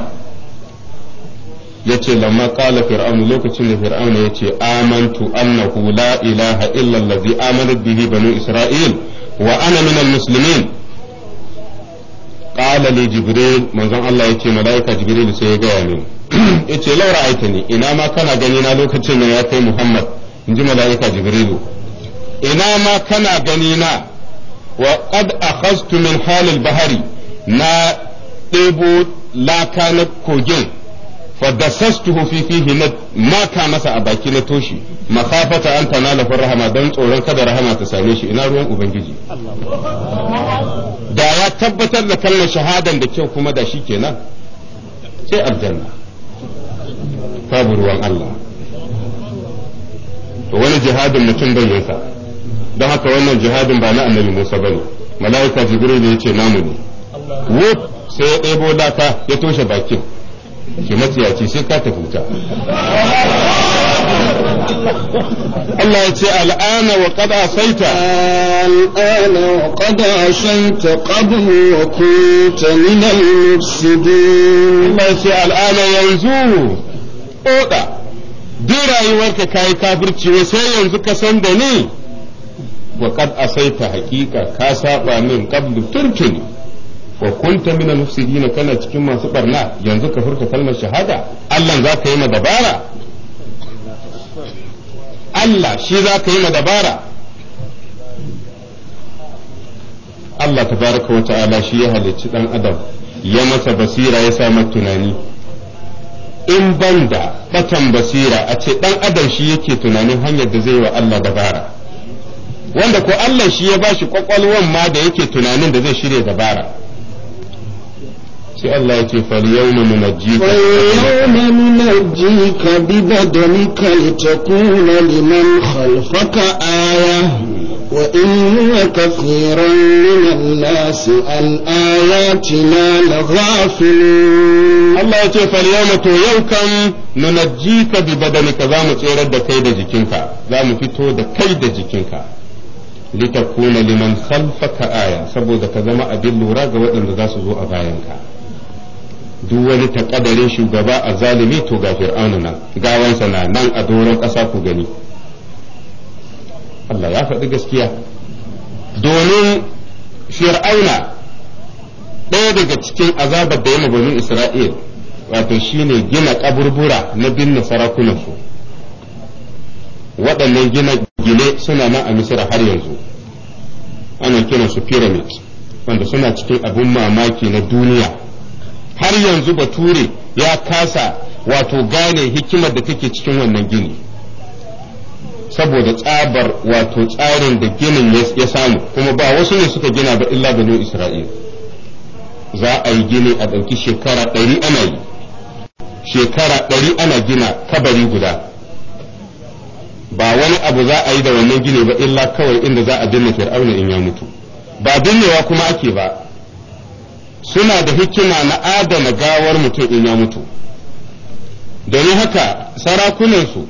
yace lamma qala fir'aun lokacin da fir'aun yace amantu annahu la ilaha illa allazi amana bihi banu isra'il wa ana min almuslimin qala li jibril manzon Allah yace malaika jibril sai ya gaya min *clears throat* yace law ra'aitani ina ma kana gani na lokacin da ya kai muhammad ji malaika jibrilu ina ma kana gani na wa qad akhadtu min halil bahari na ɗebo laka na kogin fa gassastuhu fi fihi na maka masa a baki na toshi makafata an tanala fa rahama dan tsoron kada rahama ta same shi ina ruwan ubangiji da ya tabbatar da kallon shahadan da kyau kuma da shi kenan sai aljanna babu Allah to wani jihadin mutum bai yinsa don haka wannan jihadin ba na annabi Musa bane mala'ika Jibril ya ce namu ne wuf sai ya da laka ya toshe bakin ke matsiyaci sai ka ta Allah ya ce al'ana wa qad asaita al'ana wa qad asaita qablu wa kunta min al-mufsidin Allah ya ce al'ana yanzu oda duk rayuwarka kai kafirci wai sai yanzu ka san da ni wa qad asaita haqiqa ka saba min qablu turkini wa kunta minal mufsidina kana cikin masu barna yanzu ka furta kalmar shahada Allah za ka yi ma dabara Allah shi za ka yi ma dabara Allah tabaraka wa ta'ala shi ya halicci dan adam ya masa basira ya sa masa tunani in banda batan basira a ce dan adam shi yake tunanin hanyar da zai wa Allah dabara wanda ko Allah shi ya bashi kwakwalwan ma da yake tunanin da zai shirya dabara sai Allah ya ce falyawma nunajjika falyawma nunajjika bi badanika litakuna liman khalfaka aya wa inna kathiran minan nasi an ayatina laghafilun Allah ya ce falyawma to yau kan nunajjika bi badanika zamu tserar da kai da jikinka zamu fito da kai da jikinka litakuna liman khalfaka aya saboda ka zama abin lura ga waɗanda za su zo a bayanka duk wani takadare shugaba a zalimi to ga fir'aunu nan gawansa na nan a doron ƙasa ku gani Allah ya faɗi gaskiya domin fir'auna ɗaya daga cikin azabar da ya banin isra'il wato shine gina kaburbura na binne sarakunansu waɗannan gina gine suna nan a misira har yanzu ana kiransu pyramid wanda suna cikin abin mamaki na duniya har yanzu bature ya kasa wato gane hikimar da take cikin wannan gini saboda tsabar wato tsarin da ginin ya samu kuma ba wasu ne suka gina ba illa nuna isra'il za a yi gini a ɗauki shekara ɗari ana yi shekara ɗari ana gina kabari guda ba wani abu za a yi da wannan gini ba illa kawai inda za a binne fir'auna in ya mutu ba binnewa kuma ake ba suna da hikima na adana gawar mutum in ya mutu domin haka sarakunansu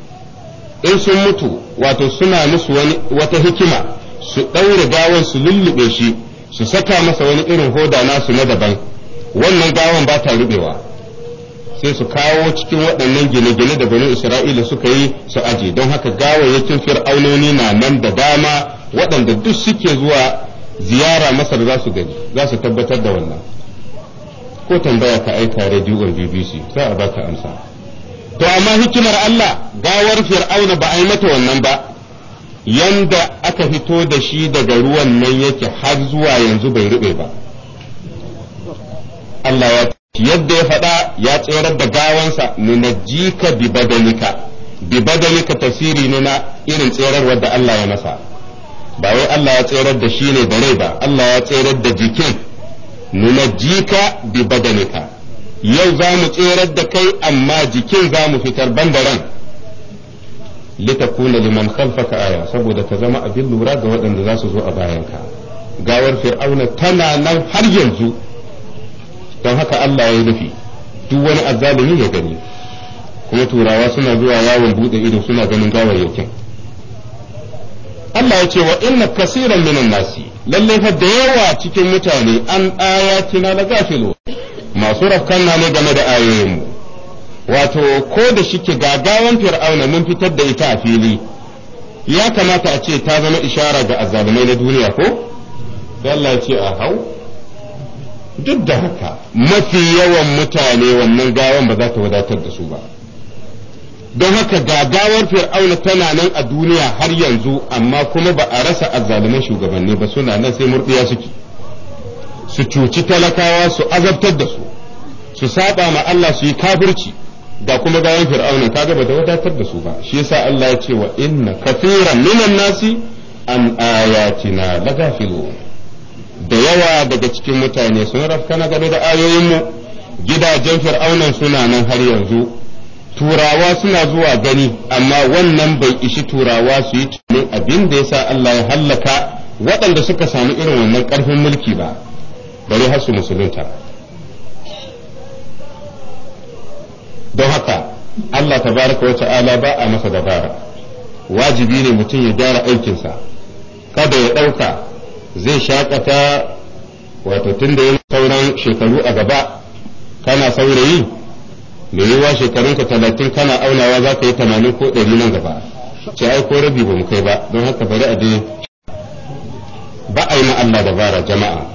in sun mutu wato suna musu wata hikima su ɗaure gawar su lullube shi su saka masa wani irin hoda nasu na daban wannan gawan ba ta rubewa sai su kawo cikin waɗannan gine-gine da bani isra'ila suka yi su aje don haka gawayyakin fir'aunoni na nan da dama waɗanda duk suke zuwa ziyara masar za su gani za su tabbatar da wannan ko tambaya ka aika rediyon bbc za a baka amsa to amma hikimar allah gawar fir'auna ba a yi mata wannan ba yanda aka fito da shi daga ruwan nan yake har zuwa yanzu bai rube ba allah ya yadda ya faɗa ya tserar da gawansa nunajjika bi badalika bi badalika tasiri ne na irin tserarwar da allah ya masa ba wai allah ya tserar da shi ne da rai ba allah ya tserar da jikin nunajjika bi badanika yau za mu tserar da kai amma jikin za mu fitar bandaran na liman khalfaka aya saboda ka zama abin lura ga waɗanda za su zo a bayanka gawar fir'auna tana nan har yanzu don haka Allah ya yi nufi duk wani azzalumi ya gani kuma turawa suna zuwa yawon bude ido suna ganin gawayyakin Allah ya ce wa inna kasiran minan nasi lalle fa da yawa cikin mutane an na la gafilu masu na ne game da ayoyinmu wato ko da shike gagawan fir'auna mun fitar da ita a fili ya kamata a ce ta zama ishara ga azzalumai na duniya ko Allah ya ce a hau duk da haka mafi yawan mutane wannan gawan ba za ta wadatar da su ba don haka gagawar fir'auna tana nan a duniya har yanzu amma kuma ba a rasa azzaluman shugabanni ba suna nan sai murdiya suke su cuci talakawa su azabtar da su su saba ma Allah su yi kafirci da kuma bayan fir'auna gaba da wadatar da su ba shi yasa Allah ya ce wa inna kafiran minan nasi an ayatina lagafilu da yawa daga cikin mutane sun rafka game da ayoyinmu gidajen fir'aunan suna nan har yanzu turawa suna zuwa gani amma wannan bai ishi turawa su yi tunanin abin da yasa Allah ya hallaka waɗanda suka samu irin wannan ƙarfin mulki ba bari har su musulunta don haka Allah tabaraka wa ta'ala ba a masa dabara wajibi ne mutum ya gyara aikinsa kada ya ɗauka zai shakata wato tun da yana sauran shekaru a gaba kana saurayi mai yiwuwa shekarun ka talatin kana aunawa za ka yi tamanin ko ɗari nan gaba ce ai ko rabi ba mu kai ba don haka bari a je ba a yi na Allah dabara jama'a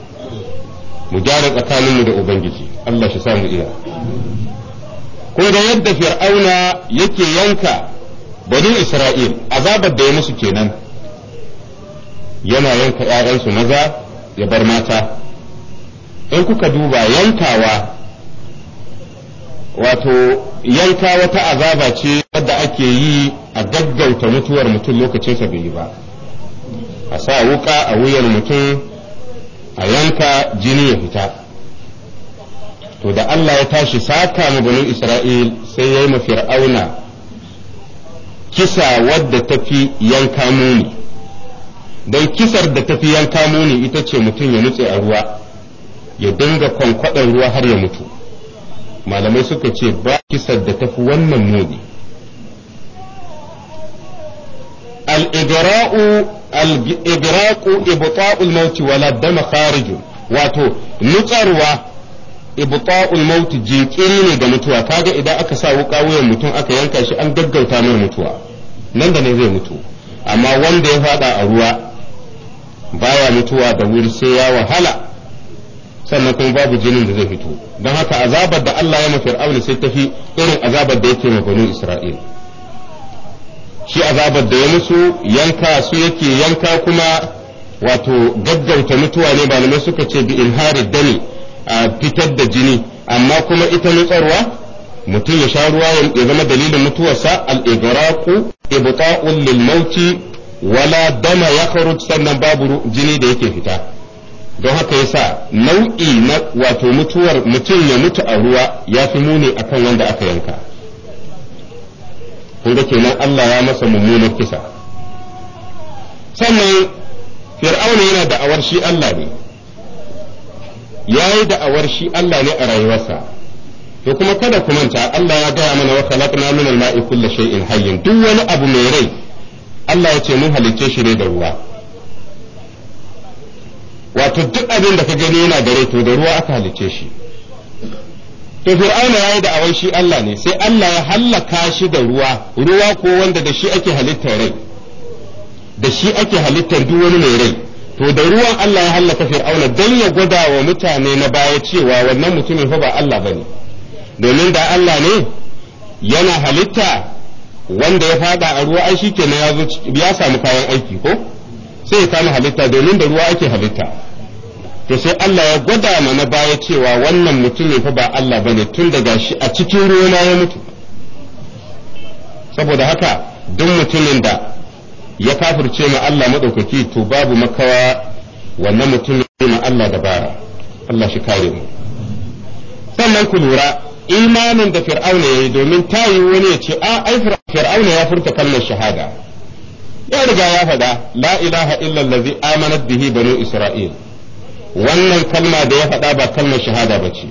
mu gyara tsakaninmu da ubangiji Allah shi mu iya ko da yadda fir'auna yake yanka bani isra'il azabar da ya musu kenan yana yanka ‘ya'yansu maza ya bar mata in kuka duba yankawa wato yanka wata azaba ce wadda ake yi a gaggauta mutuwar mutum lokacinsa bai yi ba a sa wuka a wuyan mutum a yanka jini ya fita to da Allah ya tashi saka mu Isra'il sai ya yi ma fir'auna kisa wadda tafi yanka muni don kisar da tafi yanka muni ita ce mutum ya nutse a ruwa ya dinga kwankwaɗan ruwa har ya mutu malamai suka ce ba kisar da tafi wannan muni al-igra'u al ibta'ul mauti wala dama kharijun wato nutsarwa ibta'ul mauti jinkiri ne da mutuwa kaga idan aka sa wuka wuyan mutum aka yanka shi an gaggauta mai mutuwa nan da ne zai mutu amma wanda ya fada a ruwa baya mutuwa da wuri sai ya wahala sannan kuma babu jinin da zai fito don haka azabar da Allah ya mafi fir'auna sai ta fi irin azabar da yake ma banu Isra'il shi azabar da ya musu yanka su yake yanka kuma wato gaggauta mutuwa ne malamai suka ce bi hari dani a fitar da jini amma kuma ita nutsarwa mutum ya sha ruwa ya zama dalilin mutuwarsa al'igaraku igraqu ibta'un lil mauti wala dama yakhruj sannan babu jini da yake fita don haka yasa nau'i na wato mutuwar mutum ya mutu a ruwa ya fi muni a kan wanda aka yanka kun kenan Allah ya masa mummunar kisa sannan fir'auna yana da'awar shi Allah ne ya yi da'awar shi Allah ne a rayuwarsa to kuma kada ku manta Allah ya gaya mana wa khalaqna min al-ma'i kulli shay'in hayyin duk wani abu mai rai Allah ya ce mun halicce shi ne da ruwa wato duk abin da ka gani yana gare to da ruwa aka halice shi to fir'auna yayi da awai shi Allah ne sai Allah ya hallaka shi da ruwa ruwa ko wanda da shi ake halittar rai da shi ake halittar duk wani mai rai to da ruwan Allah ya hallaka fir'auna dan ya gwada wa mutane na baya cewa wannan mutumin fa ba Allah bane domin da Allah ne yana halitta wanda ya fada a ruwa ai shikenan ya zo ya samu kayan aiki ko sai ya kama halitta domin da ruwa ake halitta to sai Allah ya gwada mana baya cewa wannan mutumin fa ba Allah bane tun daga shi a cikin ruwa ya mutu saboda haka duk mutumin da ya kafirce ma Allah madaukaki to babu makawa wannan mutumin ma Allah dabara Allah shi kare mu sannan ku lura imanin da fir'auna ya yi domin ta yi wani ya ce a ai fir'auna ya furta kallon shahada ya riga ya faɗa la ilaha illa allazi amanat bihi banu isra'il wannan kalma da ya faɗa ba kalmar shahada ba ce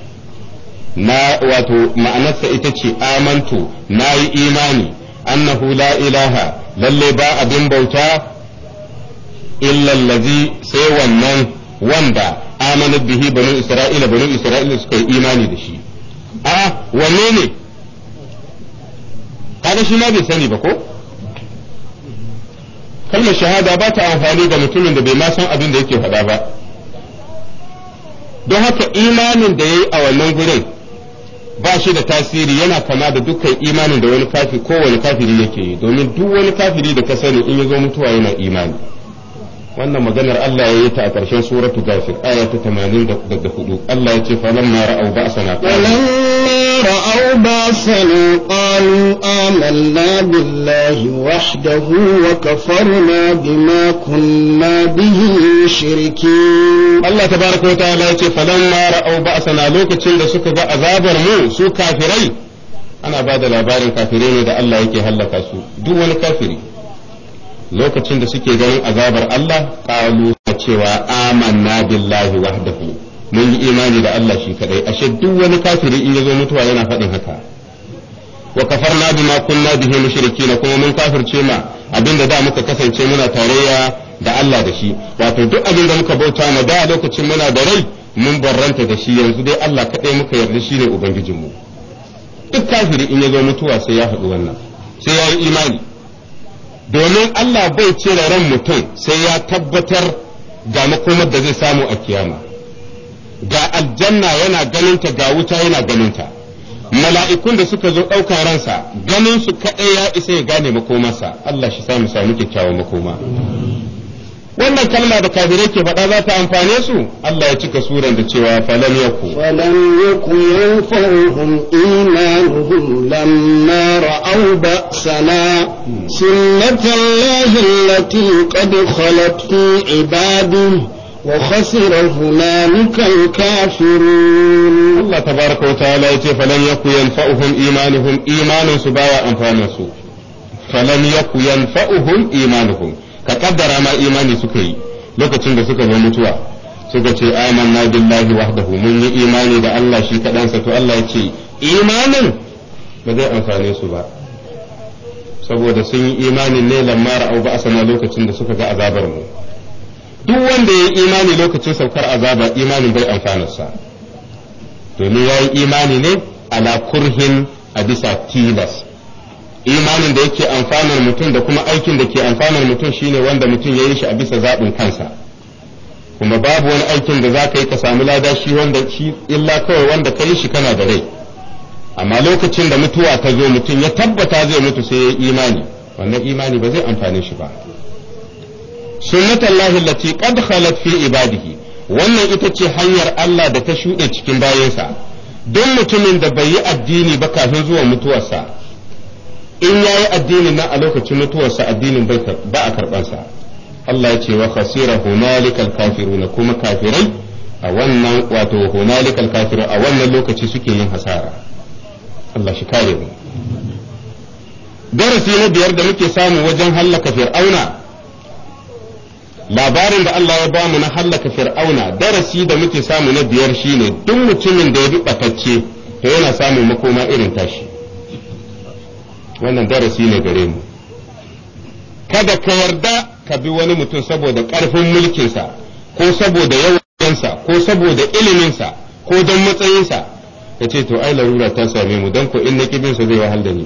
na wato ma'anarsa ita ce amantu na yi imani annahu la ilaha lalle ba abin bauta illallazi sai wannan wanda amanar bihi banu isra'ila banu isra'ila suka yi imani da shi a wanne ne kada shi ma bai sani ba ko kalmar shahada ba ta amfani ga mutumin da bai ma san abin da yake faɗa ba don haka imanin da ya yi a wannan gurin ba shi da tasiri yana kama da dukkan imanin da wani kafiri kowane kafiri yake yi domin duk wani kafiri da ka sani in ya zo mutuwa yana imani wannan maganar Allah ya yi ta a ƙarshen suratu ta gafir aya ta tamanin daga hudu Allah ya ce falon mara au ba sana mara au ba sana kalu amanna billahi wahdahu wa kafarna bima kunna bihi shirki Allah ta baraka wata Allah ya ce falon mara au ba lokacin da suka ga azabar mu su kafirai ana ba da labarin kafirai ne da Allah yake hallaka su duk wani kafiri lokacin da suke ganin azabar Allah qalu cewa amanna billahi wahdahu mun yi imani da Allah shi kadai ashe duk wani kafiri in yazo mutuwa yana faɗin haka wa kafarna bima kunna bihi mushrikin kuma mun kafirce ma abinda da muka kasance muna tarayya da Allah da shi wato duk abin da muka bauta ma da lokacin muna da rai mun barranta da shi yanzu dai Allah kadai muka yarda shi ne ubangijinmu duk kafiri in yazo mutuwa sai ya haɗu wannan sai ya yi imani domin Allah bai da ran mutum sai ya tabbatar ga makomar da zai samu a kiyama ga aljanna yana ganinta ga wuta yana ganinta mala'ikun da suka zo ɗauka ransa ganin su kaɗai ya isa ya gane makomarsa Allah shi samu samu kyakkyawan makoma wannan kalma da kafirai ke faɗa za ta amfane su Allah ya cika suran da cewa falam yaku falam yaku yanfa'uhum imanuhum lamma ra'aw ba'sana hmm. sunnatallahi allati qad khalat fi ibadihi وخسر هنالك الكافرون الله تبارك وتعالى فلم يكن ينفعهم إيمانهم إيمان سبايا أنفانسوا فلم يكن ينفعهم إيمانهم ka kaddara ma imani suka yi lokacin da suka zo mutuwa suka ce amanna billahi wahdahu mun yi imani da Allah shi kaɗansa to Allah ya ce imanin ba zai amfane su ba saboda sun yi imanin ne lamara au ba asana lokacin da suka ga azabar mu duk wanda ya yi imani lokacin saukar azaba imanin bai sa domin ya yi imani ne ala kurhin a bisa tilas imanin da yake amfanar mutum da kuma aikin da ke amfanar mutum shine wanda mutum ya yi shi a bisa zaɓin kansa kuma babu wani aikin da za ka yi ka samu lada shi wanda shi illa kawai wanda ka yi shi kana da rai amma lokacin da mutuwa ta zo mutum ya tabbata zai mutu sai ya yi imani wannan imani ba zai amfane shi ba sunnatullahi allati qad khalat fi ibadihi wannan ita ce hanyar Allah da ta shuɗe cikin bayansa don mutumin da bai yi addini ba kafin zuwa mutuwarsa in ya yi addinin nan a lokacin mutuwarsa addinin bai ba a karɓansa. Allah ya ce wa khasira hunalikal kafirun kuma kafirai a wannan wato hunalikal kafirun a wannan lokaci suke yin hasara Allah shi kare mu darasi na biyar da muke samu wajen hallaka fir'auna labarin da Allah ya bamu na hallaka fir'auna darasi da muke samu na biyar shine duk mutumin da ya bi batacce to yana samun makoma irin tashi wannan darasi ne gare mu kada ka yarda ka bi wani mutum saboda ƙarfin mulkinsa ko saboda yawansa ko saboda iliminsa ko don matsayinsa ka ce to ai larura ta same mu don ko in na ƙibinsa zai wahal da ni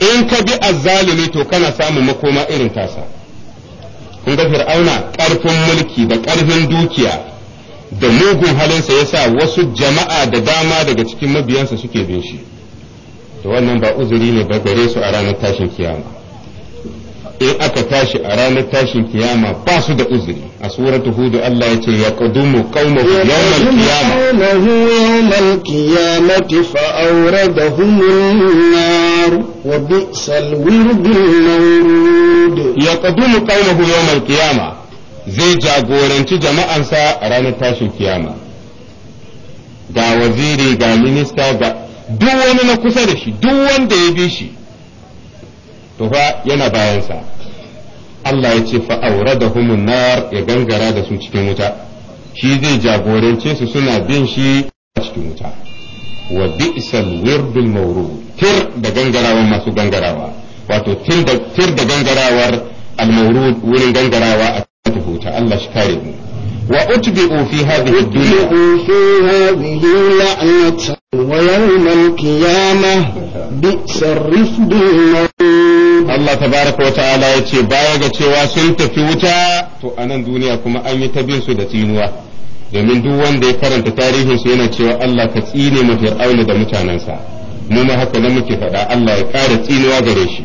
in ka bi azzalumi to kana samun makoma irin tasa in ga fir'auna ƙarfin mulki da ƙarfin dukiya da mugun halinsa ya sa wasu jama'a da dama daga cikin mabiyansa suke bin shi to wannan ba uzuri ne ba gare su a ranar tashin kiyama in aka tashi a ranar tashin kiyama ba su da uzuri a suratu hudu Allah ya ce ya qadumu qaumahu yawmal qiyamati fa awradahum an-nar wa bi'sal wirdul mawrud ya qadumu qaumahu yawmal qiyama zai jagoranci jama'ansa a ranar tashin kiyama ga waziri ga minista ga duk wani na kusa da shi duk wanda ya bi shi to fa yana bayansa Allah ya ce fa da nar ya gangara da su cikin wuta shi zai jagorance su suna bin shi a cikin wuta wa bi'sal wirdul mawrud tir da gangarawa masu gangarawa wato tir da gangarawar al-mawrud wurin gangarawa a cikin wuta Allah shi kare mu وأتبعوا في هذه الدنيا في هذه لعنة ويوم القيامة بئس الرفد Allah tabaraka wa ta'ala ya ce baya ga cewa sun tafi wuta to a nan duniya kuma an yi ta bin su da tsinuwa domin duk wanda ya karanta tarihin su yana cewa Allah ka tsine mu fir'auna da mutanensa mu ma haka nan muke faɗa Allah ya ƙara tsinuwa gare shi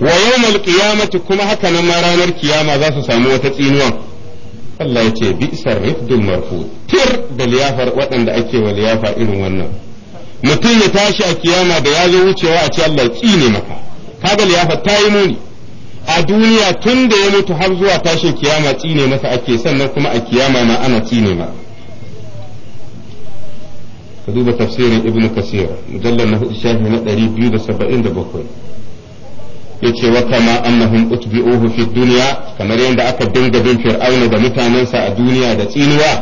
wa yawmal qiyamati kuma haka nan ma ranar kiyama za su samu wata tsinuwa Allah ya ce bi isar rifdul marfu tir da liyafar waɗanda ake wa liyafa irin wannan mutum ya tashi a kiyama da ya zo wucewa a ce Allah ne maka kaga liyafar ta yi muni a duniya tun da ya mutu har zuwa tashin kiyama tsine masa ake sannan kuma a kiyama ma ana tsine ma ka duba tafsirin ibnu kasir mujallar na hudu shafi na ɗari biyu da saba'in da bakwai yace wa kama annahum utbi'uhu fi dunya kamar yadda aka dinga bin fir'auna da mutanensa a duniya da tsinuwa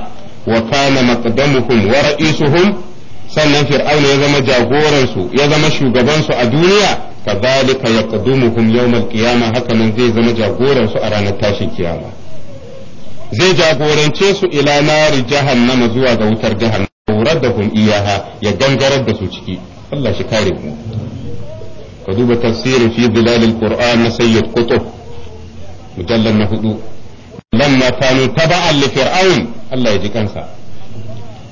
wa kana maqdamuhum wa ra'isuhum sannan fir'auna ya zama jagoransu ya zama shugabansu a duniya kadhalika yaqdumuhum yawm al qiyama haka nan zai zama jagoransu a ranar tashin kiyama zai jagorance su ila nari jahannama zuwa ga wutar jahannama da hum iyaha ya gangarar da su ciki Allah shi kare mu ka duba tafsirin fi zilalil qur'an na sayyid kutub mujallal na hudu lamma kanu taba'an li fir'aun Allah ya ji kansa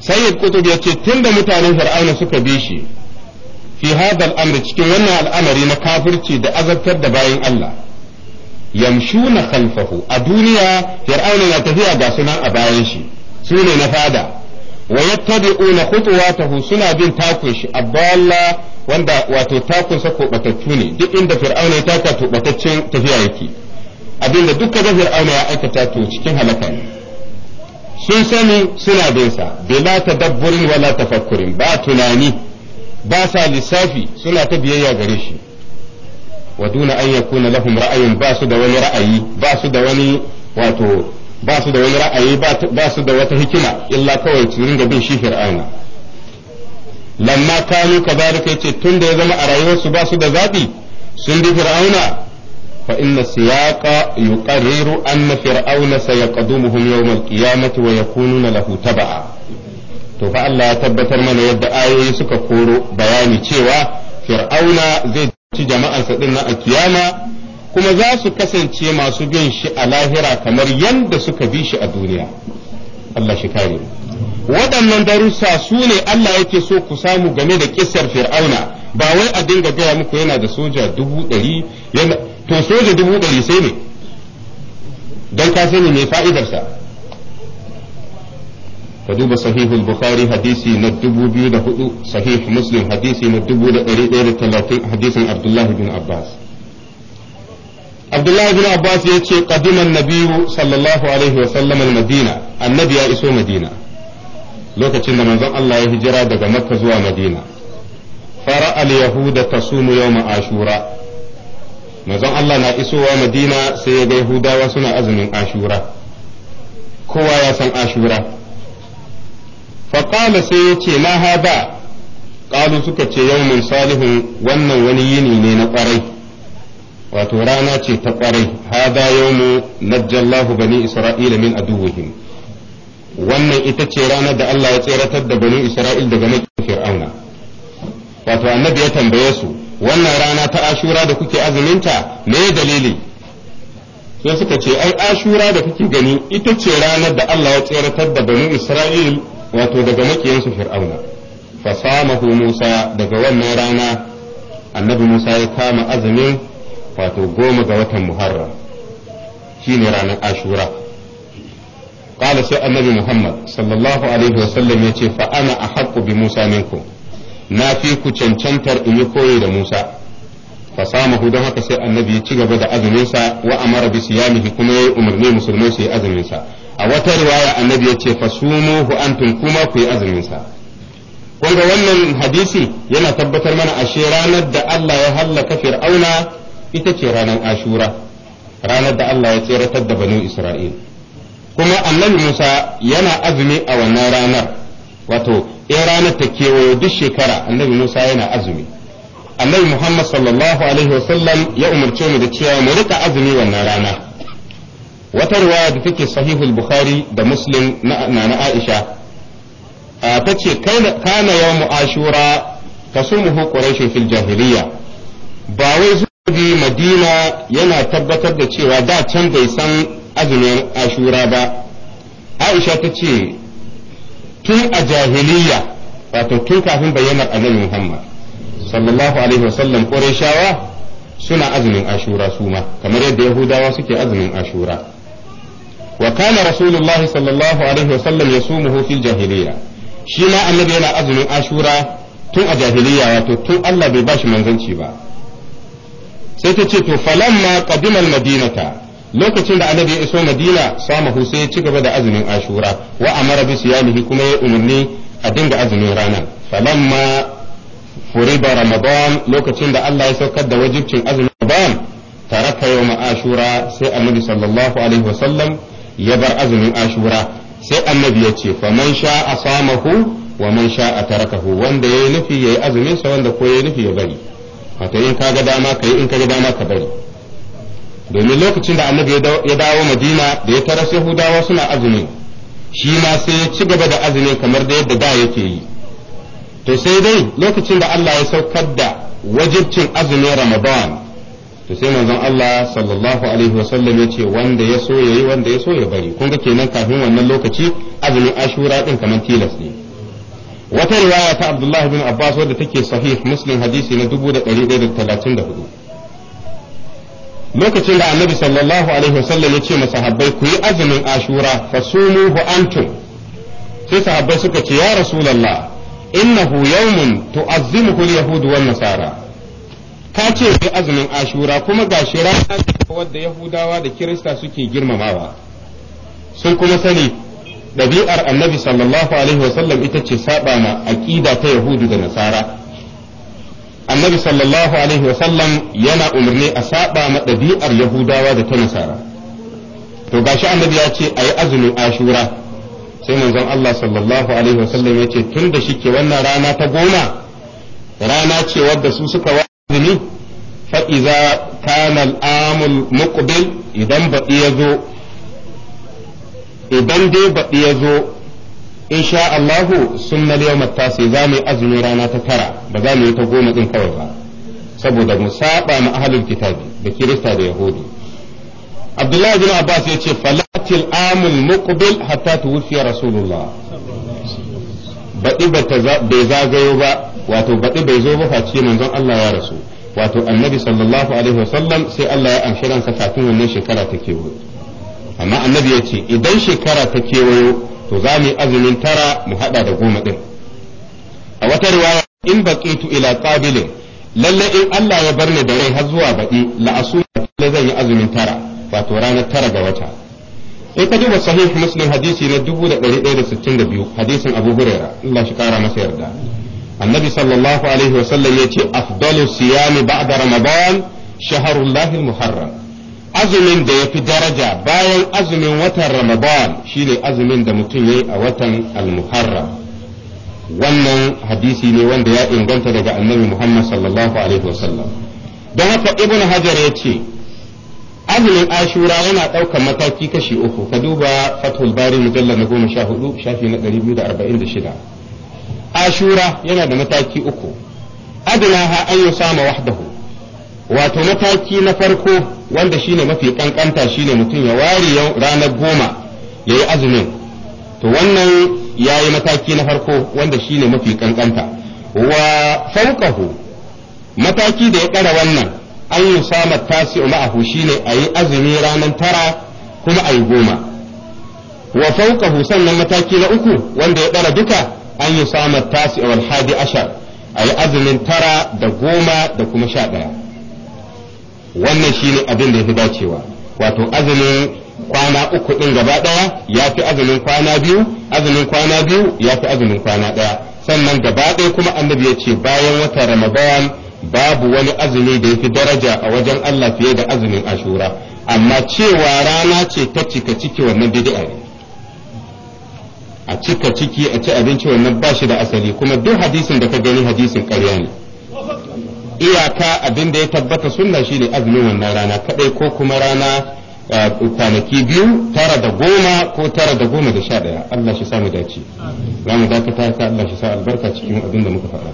sayyid kutub yace tunda mutanen fir'auna suka bi shi fi hada al'amri cikin wannan al'amari na kafirci da azabtar da bayan Allah yamshu na khalfahu a duniya fir'auna na tafiya ga sunan a bayan shi su ne na fada wa yattabi'una khutuwatahu suna bin takun shi abdalla wanda wato takun sa kobatattu ne duk inda fir'auna ya taka to tafiya yake abinda dukkan da fir'auna ya aikata to cikin halaka ne sun sani suna bin sa bila tadabburin wala tafakkurin ba tunani ba sa lissafi suna ta biyayya gare shi wa duna an yakuna lahum ra'ayun ba su da wani ra'ayi ba su da wani wato ba su da wani ra'ayi ba su da wata hikima illa kawai su ringa bin shi fir'auna lamma kanu kadhalika yace tun da ya zama a rayuwarsu ba su da zabi sun bi fir'auna fa inna siyaqa yuqarriru anna fir'auna sayaqdumuhum yawm al-qiyamati wa yakununa lahu tab'a to fa Allah ya tabbatar mana yadda ayoyi suka koro bayani cewa fir'auna zai ci jama'arsa din na a kiyama kuma za su kasance masu bin shi a lahira kamar yadda suka bi shi a duniya Allah shi kare waɗannan darussa su ne Allah yake so ku samu game da kisar fir'auna ba wai a dinga gaya muku yana da soja dubu ɗari to soja dubu ɗari sai ne don ka sani mai fa'idarsa ka duba sahihul bukhari hadisi na dubu biyu da hudu sahih muslim hadisi na dubu da ɗari ɗaya da talatin hadisin abdullahi bin abbas abdullahi bin abbas ya ce na biyu sallallahu alaihi wa al-madina annabi ya iso madina lokacin da manzon Allah ya hijira daga makka zuwa madina fara al-yahuda sumu yawma ashura manzon Allah na isowa madina sai ya ga yahudawa suna azumin ashura kowa ya san ashura faqala sai ya ce na hada ƙalu suka ce yawmin salihun wannan wani yini ne na kwarai wato rana ce ta kwarai hada yawmu najjallahu bani isra'ila min aduwwihim wannan ita ce ranar da Allah ya tseratar da bani isra'il daga makin fir'auna wato annabi ya tambaye su wannan rana ta ashura da kuke azuminta me dalili sai suka ce ai ashura da kuke gani ita ce ranar da Allah ya tseratar da bani isra'il wato daga makiyansu fir'auna fasamahu musa daga wannan rana annabi musa ya kama azumin wato goma ga watan Muharram shine ranar ashura ƙala sai annabi Muhammad sallallahu Alaihi wasallam ya ce fa’ana a haƙƙo bi Musa ninku na fi ku cancantar in yi koyo da Musa fa samahu don haka sai annabi ya ci gaba da azuminsa wa amara bi siyamihi kuma ya yi umarni musulmai su yi azuminsa a wata riwaya annabi ya ce fa sumu hu antum kuma ku yi azuminsa kun ga wannan hadisin yana tabbatar mana ashe ranar da Allah ya halaka fir'auna ita ce ranar ashura ranar da Allah ya tseratar da banin isra'il kuma annabi musa yana azumi a wannan ranar wato yan ranar ta kewayo duk shekara annabi musa yana azumi annabi muhammad sallallahu alaihi wasallam ya umarce mu da cewa mu rika azumi wannan rana wata ruwaya da take sahihul bukhari da muslim na na aisha ta ce kana mu ashura tasumuhu quraish fil jahiliya ba wai Madina yana tabbatar da cewa da can bai san azumin ashura ba Aisha ta ce tun a jahiliya wato tun kafin bayyanar annabi Muhammad sallallahu alaihi wasallam Qurayshawa suna azumin ashura su ma kamar yadda Yahudawa suke azumin ashura wa kana rasulullahi sallallahu alaihi wasallam yasumuhu fil jahiliya shi ma annabi yana azumin ashura tun a jahiliya wato tun Allah bai bashi manzanci ba sai ta ce to ma qadimal madinata lokacin da annabi ya iso madina samahu sai ya ci gaba da azumin ashura wa amara bi siyamihi kuma ya umarni a dinga azumin ranar ma furiba ramadan lokacin da Allah ya saukar da wajibcin azumin ramadan taraka yawma ashura sai annabi sallallahu alaihi wasallam ya bar azumin ashura sai annabi ya ce faman sha'a samahu wa man sha'a tarakahu wanda yayi nufi yayi azumin sa wanda ko yayi nufi ya bari wato in kaga dama ka yi in kaga dama ka bari domin lokacin da annabi ya dawo madina da ya tara sai hudawa suna azumi shi ma sai ya ci gaba da azumi kamar da yadda da yake yi to sai dai lokacin da Allah ya saukar da wajibcin azumin ramadan to sai manzon Allah sallallahu alaihi wasallam ya ce wanda ya so yayi wanda ya so ya bari kun ga kenan kafin wannan lokaci azumin ashura din kamar tilas ne wata riwaya ta Abdullah bin Abbas wadda take sahih Muslim hadisi na 1134 lokacin da Annabi sallallahu alaihi wasallam ya ce masahabbai ku yi azumin Ashura fa hu antum sai sahabbai suka ce ya Rasulullah innahu yawmun tu'azzimuhu al-yahud wan nasara ka ce ku yi azumin Ashura kuma gashi rana wadda Yahudawa da Kirista suke girmamawa sun kuma sani ɗabi'ar annabi sallallahu alaihi wasallam ita ce saba ma aƙida ta yahudu da nasara annabi sallallahu alaihi wasallam yana umarni a saba ma ɗabi'ar yahudawa da ta nasara to gashi annabi ya ce a yi azumin ashura sai manzon Allah sallallahu alaihi wasallam ya ce tun da shike wannan rana ta goma rana ce wadda su suka wazini fa iza kana al-amul muqbil idan baɗi ya zo idan dai baɗi ya zo insha Allahu sunna yawmat tasi za mu yi azumin rana ta tara ba za mu yi ta goma ɗin kawai ba saboda mu saba mu ahlul kitabi da kirista da yahudi Abdullahi bin Abbas ya ce falatil amul muqbil hatta tuwfiya rasulullah baɗi bai zagayo ba wato baɗi bai zo ba face manzon Allah ya rasu wato annabi sallallahu alaihi wasallam sai Allah ya amshi ransa kafin wannan shekara ta kewaye amma annabi ya ce idan shekara ta kewayo to za mu yi azumin tara mu haɗa da goma ɗin a wata riwaya in baqitu ila qabilin lalle in Allah ya bar ni da rai har zuwa baɗi la'asu lalle zan yi azumin tara wato ranar tara ga wata in ka duba sahih muslim hadisi na 1162 hadisin abu huraira Allah shi kara masa yarda annabi sallallahu alaihi wa sallam ce afdalu siyami ba'da ramadan shahrullahi al-muharram azumin da ya fi daraja bayan azumin watan ramadan shine azumin da mutum ya yi a watan al-muharram wannan hadisi ne wanda ya inganta daga annabi muhammad sallallahu alaihi wasallam don haka ibn hajar ya ce azumin ashura yana ɗaukar mataki kashi uku ka duba fathul bari mujallar na goma sha hudu shafi na ɗari biyu da arba'in da shida ashura yana da mataki uku adnaha an sama wahdahu wato mataki na farko wanda shine mafi kankanta shine mutum ya ware ranar goma ya yi azumin to wannan ya yi mataki na farko wanda shine mafi kankanta wa fauqahu mataki da ya kara wannan an yi sama tasi'u ma'ahu shine a yi azumi ranar tara kuma a yi goma wa fauqahu sannan mataki na uku wanda ya kara duka an yi tasi a hadi ashar a yi azumin tara da goma da kuma sha ɗaya wannan shi ne abin da ya fi dacewa wato azumin kwana uku ɗin gaba ɗaya ya fi azumin kwana biyu azumin kwana biyu ya fi azumin kwana ɗaya sannan gaba ɗaya kuma annabi ya ce bayan wata ramadan babu wani azumi da ya fi daraja a wajen Allah fiye da azumin ashura amma cewa rana ce ta cika ciki wannan bid'a a cika ciki a ci abinci wannan ba shi da asali kuma duk hadisin da ka gani hadisin ƙarya ne iyaka abin da ya tabbata sunna shine azumin wannan rana kadai ko kuma rana uh, kwanaki biyu tara da goma ko tara da goma da sha daya Allah shi samu dace za mu dakata Allah shi sa albarka cikin abin da muka faɗa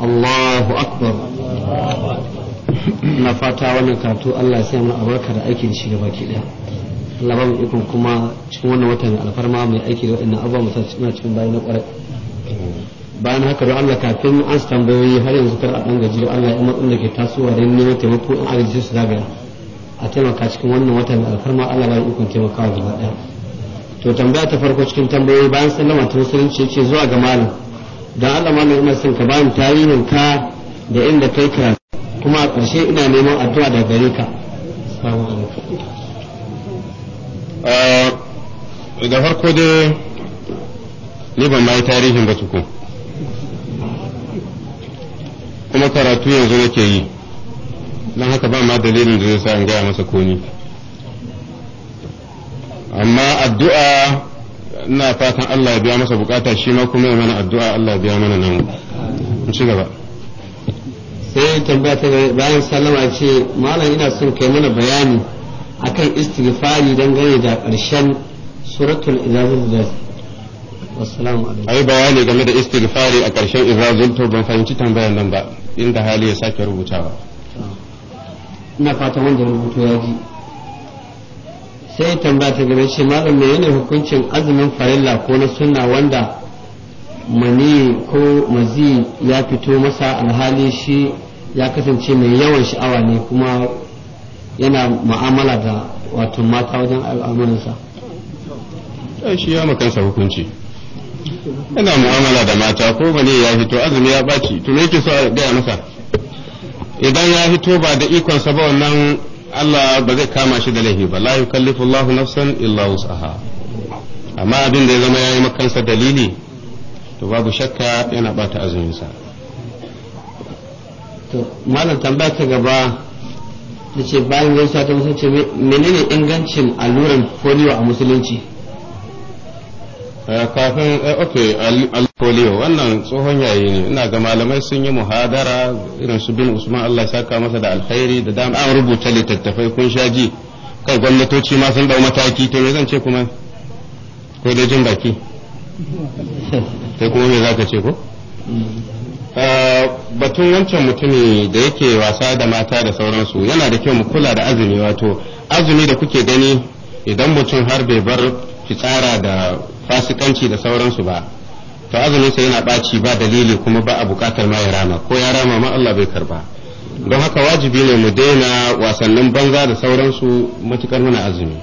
Allahu akbar na fata wannan karatu Allah ya sa mana albarka da aikin shi gaba baki ɗaya Allah ba ikon kuma cikin wannan watan alfarma mai aiki da waɗannan abubuwa musamman cikin cikin bayan na bayan haka don Allah kafin an su tambayoyi har yanzu kar a ɗan gaji Allah ya matsin da ke tasowa don neman taimako in agaji su zagaya a taimaka cikin wannan watan alfarma Allah ba mu ikon taimakawa gaba ɗaya to tambaya ta farko cikin tambayoyi bayan sallama ta musulunci ce zuwa ga malam don Allah malam ina son ka bani tarihin ka da inda kai ka kuma a ƙarshe ina neman addu'a daga gare ka assalamu alaikum da farko dai ni ban ma yi tarihin ba tukun kuma karatu yanzu nake yi don haka ba ma dalilin da zai sa in gaya masa koni amma addu'a ina fatan Allah ya biya masa bukata shi ma kuma ya mana addu'a Allah ya biya mana nan in ci gaba sai tambaya ta bayan sallama ce malam ina son kai mana bayani akan istighfari dangane da ƙarshen suratul izazul ai bayani game da istighfari a ƙarshen izazul to ban fahimci tambayar nan ba inda hali ya sake rubutawa ina fatan wanda rubutu ya ji sai tambaya ta game shi malam me yana hukuncin azumin farilla ko na sunna wanda mani ko mazi ya fito masa alhali shi ya kasance mai yawan sha'awa ne kuma yana mu'amala da wato mata wajen al'amuransa shi ya makansa hukunci yana mu'amala da mata ko bane ya fito azumi ya baci to me yake so a gaya masa idan ya fito ba da ikon sa ba wannan Allah ba zai kama shi da laifi ba la yukallifu Allah nafsan illa wus'aha amma abin da ya zama yayi makansa dalili to babu shakka yana bata azumin sa to malam tambaya ta gaba da ce bayan gaisuwa ta musulunci menene ingancin alluran polio a musulunci eh, kafin eh, ok polio wannan tsohon yayi ne ina ga malamai sun yi muhadara irin su bin usman allah saka masa da alkhairi da dama an rubuta littattafai kun sha kai gwamnatoci ma sun dau mataki to me zan ce kuma ko dai jin baki *laughs* kai kuma me zaka ce ko mm. batun wancan mutumi da yake wasa da mata da sauransu yana da kyau mu kula da azumi wato azumi da kuke gani idan mutum har bai bar fitsara da fasikanci da sauransu ba to azumin yana ɓaci ba dalili kuma ba a bukatar ma rama ko ya rama ma Allah bai karba don haka wajibi ne mu daina wasannin banza da sauransu matukar muna azumi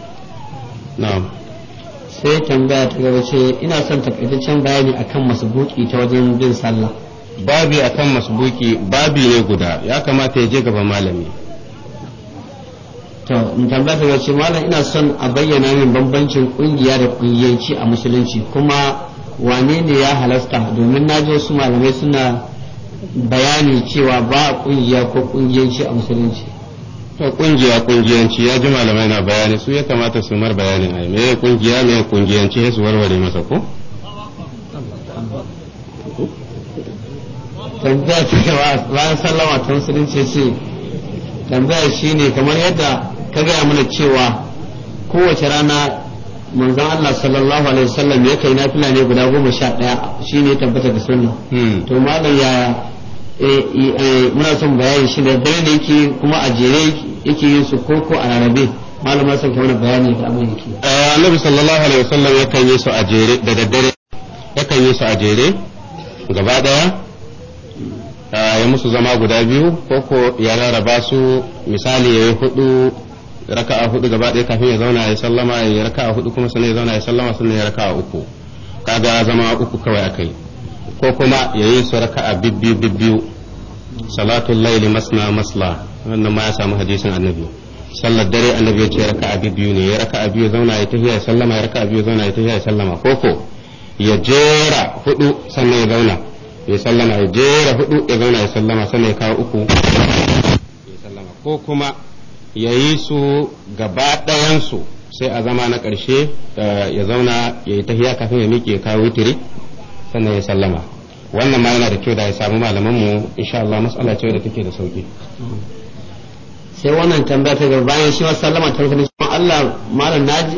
na'am sai tambaya ta gaba ce ina son takaitaccen bayani akan masu buki ta wajen bin sallah babi akan masbuki babi ne guda ya kamata ya je gaba malami to in tambaya ta ce malam ina son a bayyana min bambancin kungiya da kungiyanci a musulunci kuma wane ne ya halasta domin na ji wasu malamai suna bayani cewa ba a kungiya ko kungiyanci a musulunci to kungiya kungiyanci ya ji malamai na bayani su ya kamata su mar bayani a me kungiya me kungiyanci su warware masa ko tambaya cewa bayan sallama ta musulunci ce tambaya shine kamar yadda ka gaya mana cewa kowace rana manzon Allah sallallahu alaihi wasallam ya kai nafila ne guda goma sha ɗaya shine tabbata da sunna hmm. to malam ya eh, eh, eh, muna son bayani shi da dare ne yake kuma a jere yake yin su koko a rarrabe malama son kamar bayani da abin yake annabi sallallahu alaihi wasallam ya kan yi su a jere da daddare ya kan yi su a jere gaba daya ya musu zama guda biyu ko ko ya rarraba su misali ya yi hudu raka a hudu gaba ɗaya kafin ya zauna ya sallama ya yi raka a hudu kuma sannan ya zauna ya sallama sannan ya raka a uku kaga zama uku kawai akai ko kuma ya yi su raka a bibbiyu bibbiyu salatul laili masna masla wannan ma ya samu hadisin annabi sallar dare annabi ya ce raka a bibbiyu ne ya raka a biyu zauna ya tafiya ya sallama ya raka a biyu zauna ya tafiya ya sallama ko ko ya jera hudu sannan ya zauna ya sallama ya jera hudu ya zauna ya sallama sannan ya kawo uku ya sallama ko kuma ya yi su gaba ɗayansu sai a zama na ƙarshe eh, ya zauna ya yi tahiya kafin ya miƙe ya kawo witiri sannan ya sallama wannan ma yana da kyau da ya samu malamanmu insha Allah matsala ce da take da sauki sai wannan tambaya ta gaba bayan shi wasu sallama ta rufe Allah malam naji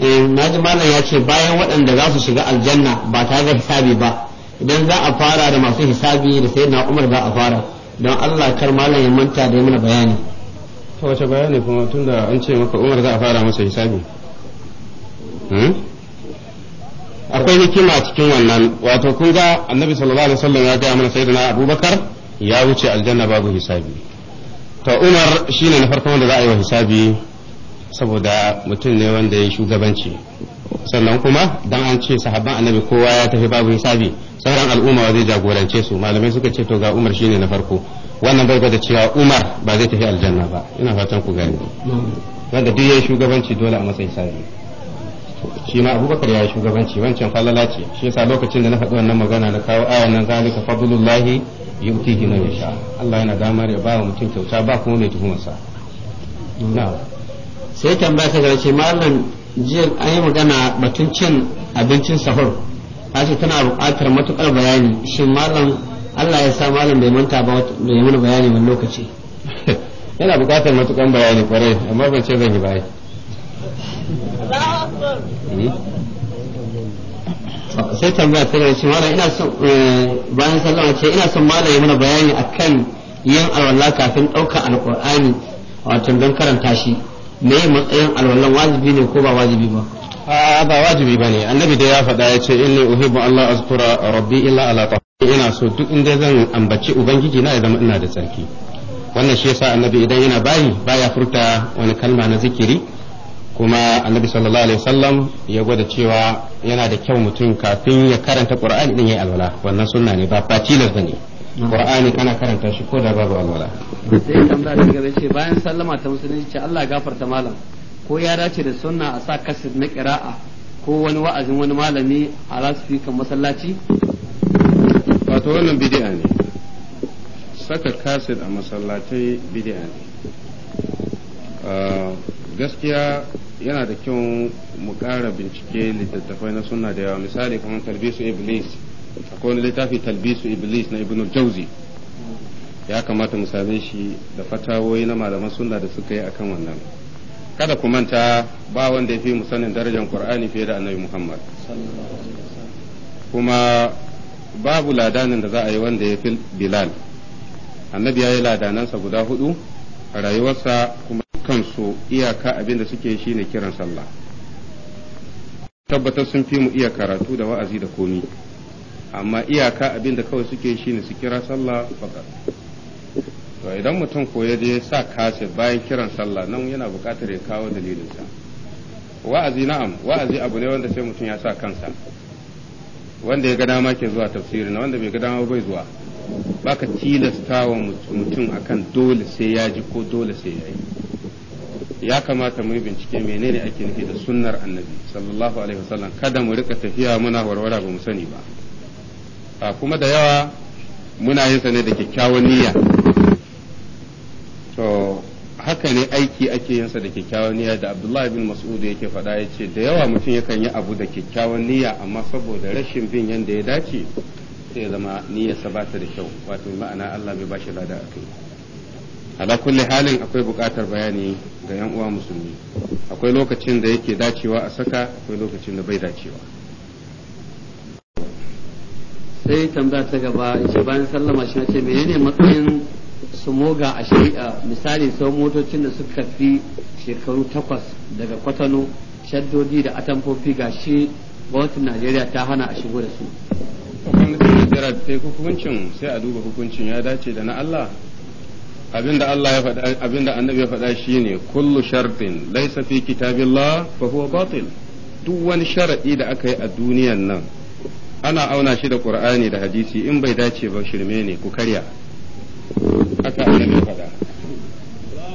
eh, naji malam ya ce bayan waɗanda za su shiga aljanna ba tare da hisabi ba idan za a fara da masu hisabi da sayyidina Umar za a fara don Allah kar malam ya manta da mana bayani to wace bayani kuma tunda an ce maka Umar za a fara masa hisabi hmm? akwai hikima cikin wannan wato kun ga annabi sallallahu alaihi wasallam ya gaya mana sayyidina Abubakar ya wuce aljanna babu hisabi to Umar shine na farkon da za a yi wa hisabi saboda mutum ne wanda ya shugabanci sannan kuma dan an ce sahabban annabi kowa ya tafi babu hisabi sauran al'umma zai jagorance su malamai suka ce to ga Umar shine na farko wannan bai gwada cewa Umar ba zai tafi aljanna ba ina fatan ku gani wanda duk yi shugabanci dole a matsayin sabi shi ma Abubakar ya yi shugabanci wancan falala ce shi yasa lokacin da na faɗi wannan magana na kawo ayan nan zalika fadlullahi yu'tihi man yasha Allah yana damar ya ba mutum kyauta ba kuma mai tuhumarsa na'am sai tambaya ta ce malam jiya an yi magana batun cin abincin sahur ta ce tana buƙatar matuƙar bayani shin malam Allah ya sa malam bai manta ba da yi mana bayani wani lokaci *laughs* yana buƙatar matuƙar bayani kwarai amma ban ce zan yi bayani eh? sai tambaya ta ce malam ina son eh, bayan sallama ce ina son malam ya mana bayani akan yin alwala kafin ɗaukar alƙur'ani wato don karanta shi yi matsayin alwallon wajibi ne ko ba wajibi ba a ba wajibi ba ne annabi da ya faɗa ya ce inni uhibbu Allah azkura rabbi illa ala ina so duk inda zan ambaci ubangiji na ya zama ina da tsarki wannan shi yasa annabi idan yana bayi baya furta wani kalma na zikiri kuma annabi sallallahu alaihi wasallam ya gwada cewa yana da kyau mutum kafin ya karanta qur'ani din yayi alwala wannan sunna ne ba fatilas bane qur'ani kana karanta shi ko da babu alwala sai tambaya da gaba ce bayan sallama ta musulunci ce Allah gafarta malam ko ya dace da sunna a sa kasid na qira'a ko wani wa'azin wani malami a lasfikan masallaci wato wannan bid'a ne saka kasid a masallatai bid'a ne ah, gaskiya yana da kyau mu kara bincike littattafai na sunna da yawa misali kamar talbisu iblis akwai wani littafi talbisu iblis na ibnu jauzi ya kamata mu same shi da fatawoyi na malaman sunna da suka yi akan wannan kada ku manta ba wanda ya fi mu sanin darajar qur'ani fiye da annabi muhammad kuma babu ladanin da za a yi wanda ya fi bilal annabi ya yi ladanansa guda hudu a rayuwarsa kuma kansu iyaka abin da suke shi ne kiran sallah tabbatar sun fi mu iya karatu da wa'azi da komi amma iyaka abin da kawai suke shi ne su kira sallah fakat to idan mutum ko ya je sa kase bayan kiran sallah nan yana buƙatar ya kawo dalilinsa wa'azi na'am wa'azi abu ne wanda sai mutum ya sa kansa wanda ya ga dama ke zuwa tafsirin na wanda bai ga dama bai zuwa baka tilasta wa mutum akan dole sai ya ji ko dole sai ya yi ya kamata mu yi bincike menene ake nufi da sunnar annabi sallallahu alaihi wasallam kada mu rika tafiya muna warwara ba mu sani ba kuma da yawa muna yin ne da kyakkyawan niyya to haka ne aiki ake yin da kyakkyawan niyya da Abdullahi bin Mas'udu yake faɗa ya ce da yawa mutum yakan yi abu da kyakkyawan niyya amma saboda rashin bin yadda ya dace sai zama niyyarsa ba ta da kyau wato ma'ana Allah bai bashi lada a kai ala kulli halin akwai buƙatar bayani ga yan uwa musulmi akwai lokacin da yake dacewa a saka akwai lokacin da bai dacewa sai tambaya ta gaba ce bayan sallama shi ce ne matsayin su moga a shari'a misali sau motocin da suka fi shekaru takwas daga kwatano shaddodi da atamfofi ga shi gwamnatin najeriya ta hana a shigo da su hukuncin sai a duba hukuncin ya dace da na allah abinda allah ya faɗa abinda annabi ya faɗa shine kullu shartin laysa fi kitabillah fa huwa batil duk wani sharadi da aka yi a duniyan nan ana auna shi da qur'ani da hadisi in bai dace ba shirme ne ku karya haka ne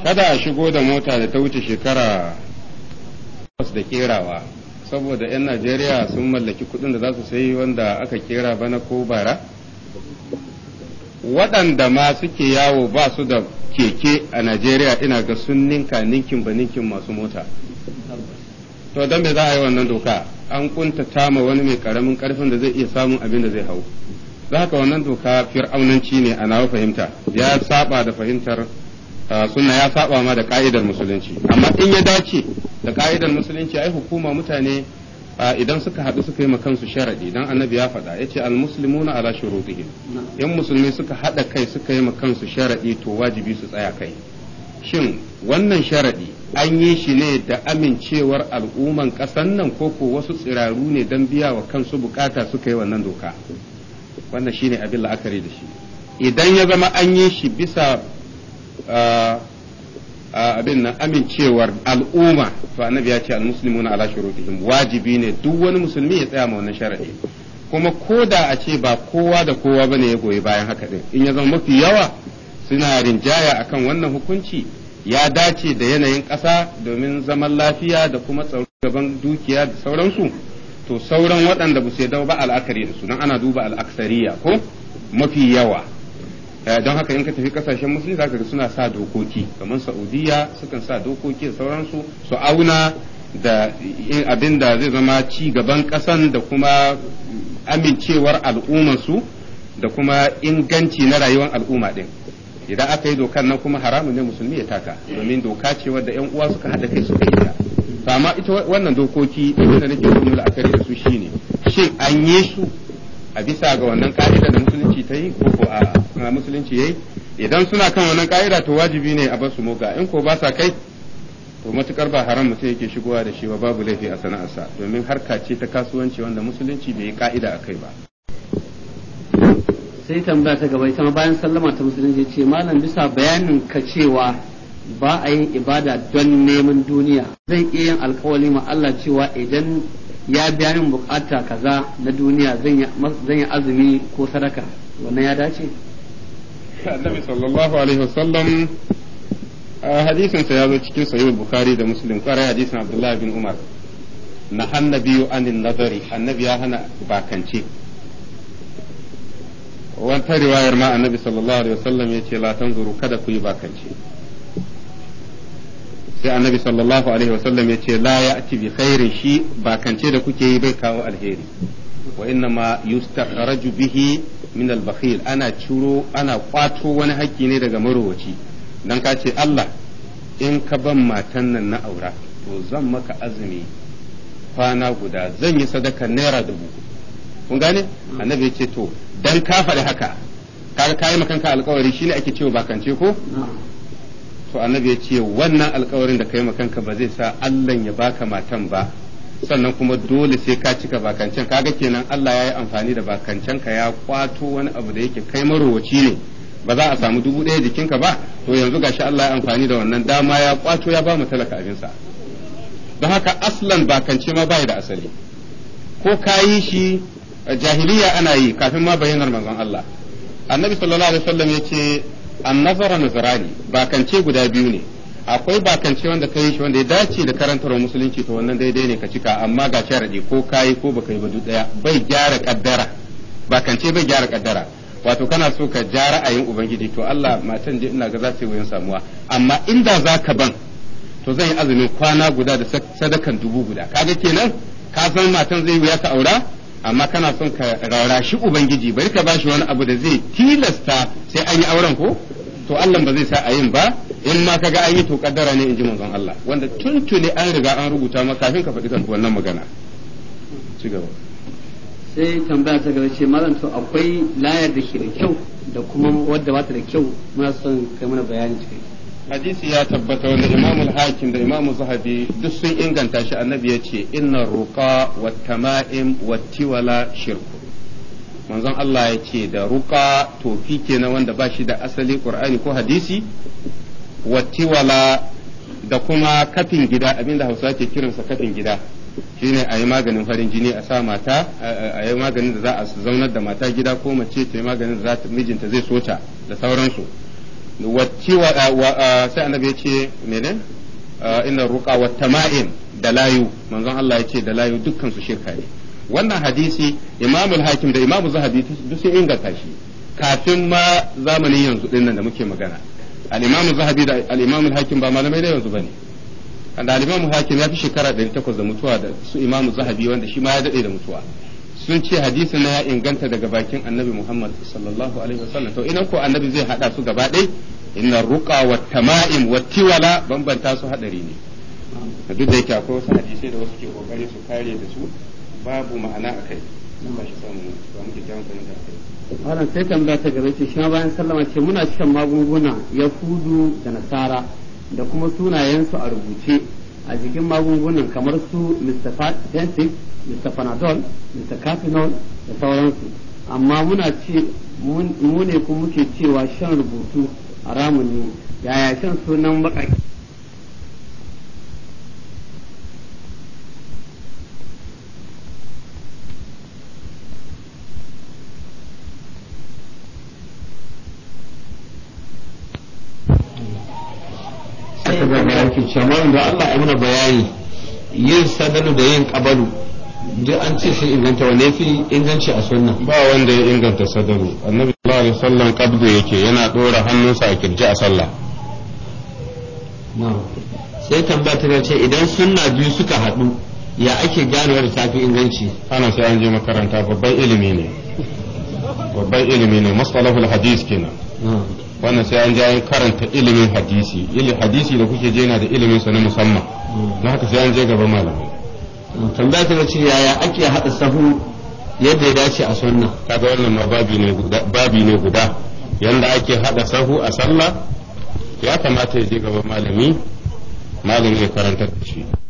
kada a shigo da mota da ta wuce shekara wasu da kerawa saboda 'yan najeriya sun mallaki kuɗin da za su sayi wanda aka kera ba na ko bara waɗanda ma suke yawo ba su da keke a najeriya ina ga sun ninka ninkin ba ninkin masu mota to don me za a yi wannan doka an kuntata tama wani mai karamin karfin da zai iya samun abin da zai hau da haka wannan doka fir'aunanci ne a nawa fahimta ya saba da fahimtar ah, sunna ya saba ma da ka'idar musulunci amma in ya dace da ka'idar musulunci ai hukuma mutane ah, idan suka haɗu suka yi kansu sharadi dan annabi ya faɗa yace al muslimuna ala shurutihim yan musulmi suka haɗa kai suka yi ma kansu sharadi to wajibi su tsaya kai shin wannan sharadi an yi shi ne da amincewar al'umman ƙasan nan ko ko wasu tsiraru ne don biya wa kansu bukata suka yi wannan doka wannan shi ne abin la'akari da shi idan ya zama an yi shi bisa abin nan amincewar al'umma to annabi ya ce al na ala shurutihim wajibi ne duk wani musulmi ya tsaya ma wannan sharadi kuma ko da a ce ba kowa da kowa bane ya goyi bayan haka din in ya zama mafi yawa suna rinjaya akan wannan hukunci ya dace da yanayin ƙasa domin zaman lafiya da kuma tsaro gaban dukiya da sauransu to sauran waɗanda ba su yadda ba al'akari da su don ana duba al'aksariya ko mafi yawa eh, don haka in ka tafi ƙasashen musulmi ka ga suna sa dokoki kamar saudiyya sukan sa dokoki da sauransu su auna da abin da zai zama ci gaban ƙasan da kuma amincewar al'ummarsu da kuma inganci na rayuwar al'umma ɗin. idan aka yi dokan nan kuma haramun ne musulmi ya taka domin doka ce wadda yan uwa suka hada kai suka yi ta amma ita wannan dokoki da nake son la'akari da su shine shin an yi su a bisa ga wannan ka'ida da musulunci ta yi ko ko a musulunci yayi idan suna kan wannan ka'ida to wajibi ne a basu moga in ko ba sa kai to matukar ba haram mutum yake shigowa da shi ba babu laifi a sana'arsa domin harka ce ta kasuwanci wanda musulunci bai yi ka'ida a kai ba sai tambaya ta gaba ita bayan sallama ta musulunci ce malam bisa bayanin ka cewa ba a yin ibada don neman duniya zai iya yin alkawali ma Allah cewa idan ya biya min bukata kaza na duniya zan yi azumi ko sadaka wannan ya dace annabi sallallahu alaihi wasallam hadisin sa ya zo cikin sahih bukhari da muslim kwarai hadisin abdullahi bin umar na hannabiyu anin nazari annabi ya hana bakance wata riwayar ma annabi sallallahu alaihi wasallam ya ce la tanzuru kada ku yi bakanci sai annabi sallallahu alaihi wasallam ya ce la ya'ti bi khairin shi bakance da kuke yi bai kawo alheri wa inna ma yustakhraju bihi min al ana ciro ana kwato wani haƙƙi ne daga marowaci dan ka ce Allah in ka ban matan nan na aura to zan maka azumi kwana guda zan yi sadaka naira dubu kun gane hmm. annabi ya ce to dan ka faɗi haka kaga kayi makanka alkawari shine ake cewa kance ko to annabi ya ce wannan alƙawarin da kai makanka ba zai sa Allah ya baka matan ba sannan kuma dole sai ka cika bakancen kaga kenan Allah ya yi amfani da bakancen ka ya kwato wani abu da yake kai marowaci ne ba za a samu dubu ɗaya jikinka ba to yanzu gashi Allah ya amfani da wannan dama ya kwato ya ba mu talaka sa don haka aslan bakance ma bai da asali ko ka yi shi jahiliya ana yi kafin ma bayyanar manzon Allah annabi sallallahu alaihi wasallam yace annazara nazarani bakance guda biyu ne akwai bakance wanda kai shi wanda ya dace da karantar musulunci to wannan daidai ne ka cika amma ga sharadi ko kai ko baka yi ba duk daya bai gyara kaddara bakance bai gyara kaddara wato kana so ka ja ra'ayin ubangiji to Allah matan je ina ga za ta yi samuwa amma inda za ka ban to zan yi azumin kwana guda da sadakan dubu guda kaga kenan ka san matan zai wuya ka aura amma kana son ka shi ubangiji bari ka bashi wani abu da zai tilasta sai an yi auren ko to Allah ba zai sa a yin ba in ma kaga an yi to kaddara ne in ji manzon Allah wanda tuntune an riga an rubuta maka kafin ka faɗi kanka wannan magana ci gaba sai tambaya ta gaba ce malam to akwai layar da ke da kyau da kuma wadda ba ta da kyau muna son kai mana bayani cikin hadisi ya tabbata wanda imamu hakim da imamu zahabi duk sun inganta shi annabi ya ce inna ruqa wa tama'im wa tiwala shirku manzon Allah ya ce da ruqa tofi kenan wanda ba shi da asali qur'ani ko hadisi wa tiwala da kuma kafin gida abinda hausa ke kiransa kafin gida shine a yi maganin farin jini a sa mata a yi maganin da za a zaunar da mata gida ko mace ta yi maganin da mijinta zai sota da sauransu wacce sai annabi ya ce mene inna ruqa wa tama'in da layu manzon Allah ya ce da layu dukkan su shirka ne wannan hadisi imamul hakim da imamu zahabi duk sun inganta shi kafin ma zamanin yanzu dinnan da muke magana al-imamu zahabi da al imamul hakim ba malamai da yanzu bane da al-imamu hakim ya fi shekara 800 da mutuwa da su imamu zahabi wanda shi ma ya dade da mutuwa sun ce hadisi na ya inganta daga bakin annabi Muhammad sallallahu alaihi wasallam to idan ko annabi zai hada su gaba ɗaya inna ruqa wa tama'im wa tiwala bambanta su hadari ne duk da yake akwai wasu hadisai da wasu ke kokari su kare da su babu ma'ana akai ba shi samu ba muke kyan da akai wannan sai tambaya ta gaba ce shi bayan sallama ce muna shan magunguna yahudu da nasara da kuma sunayensu a rubuce a jikin magungunan kamar su Mr. Fantastic mr panadol mr cafinol da sauransu amma muna ce mu ne kuma muke cewa shan rubutu haramun ne yaya shan sunan baƙaƙe da Allah ya mana bayani yin sadalu da yin kabalu duk an ce sun inganta wane fi inganci a sunna ba wanda ya inganta sadaru annabi sallallahu alaihi wasallam kabdu yake yana dora hannunsa a kirji a sallah sai tambata da ce idan sunna biyu suka haɗu ya ake gane da tafi inganci ana sai an je makaranta babban ilimi ne babban ilimi ne masalahul hadis kenan wannan sai an je karanta ilimin hadisi ilimin hadisi da kuke je na da ilimin sa na musamman mm. na haka sai an je gaba malamai tambaya ta ce yaya ake haɗa sahu yadda ya dace a sunna kaga wannan ma babi ne guda yadda yanda ake haɗa sahu a sallah ya kamata ya je gaba malami malami ya karanta da shi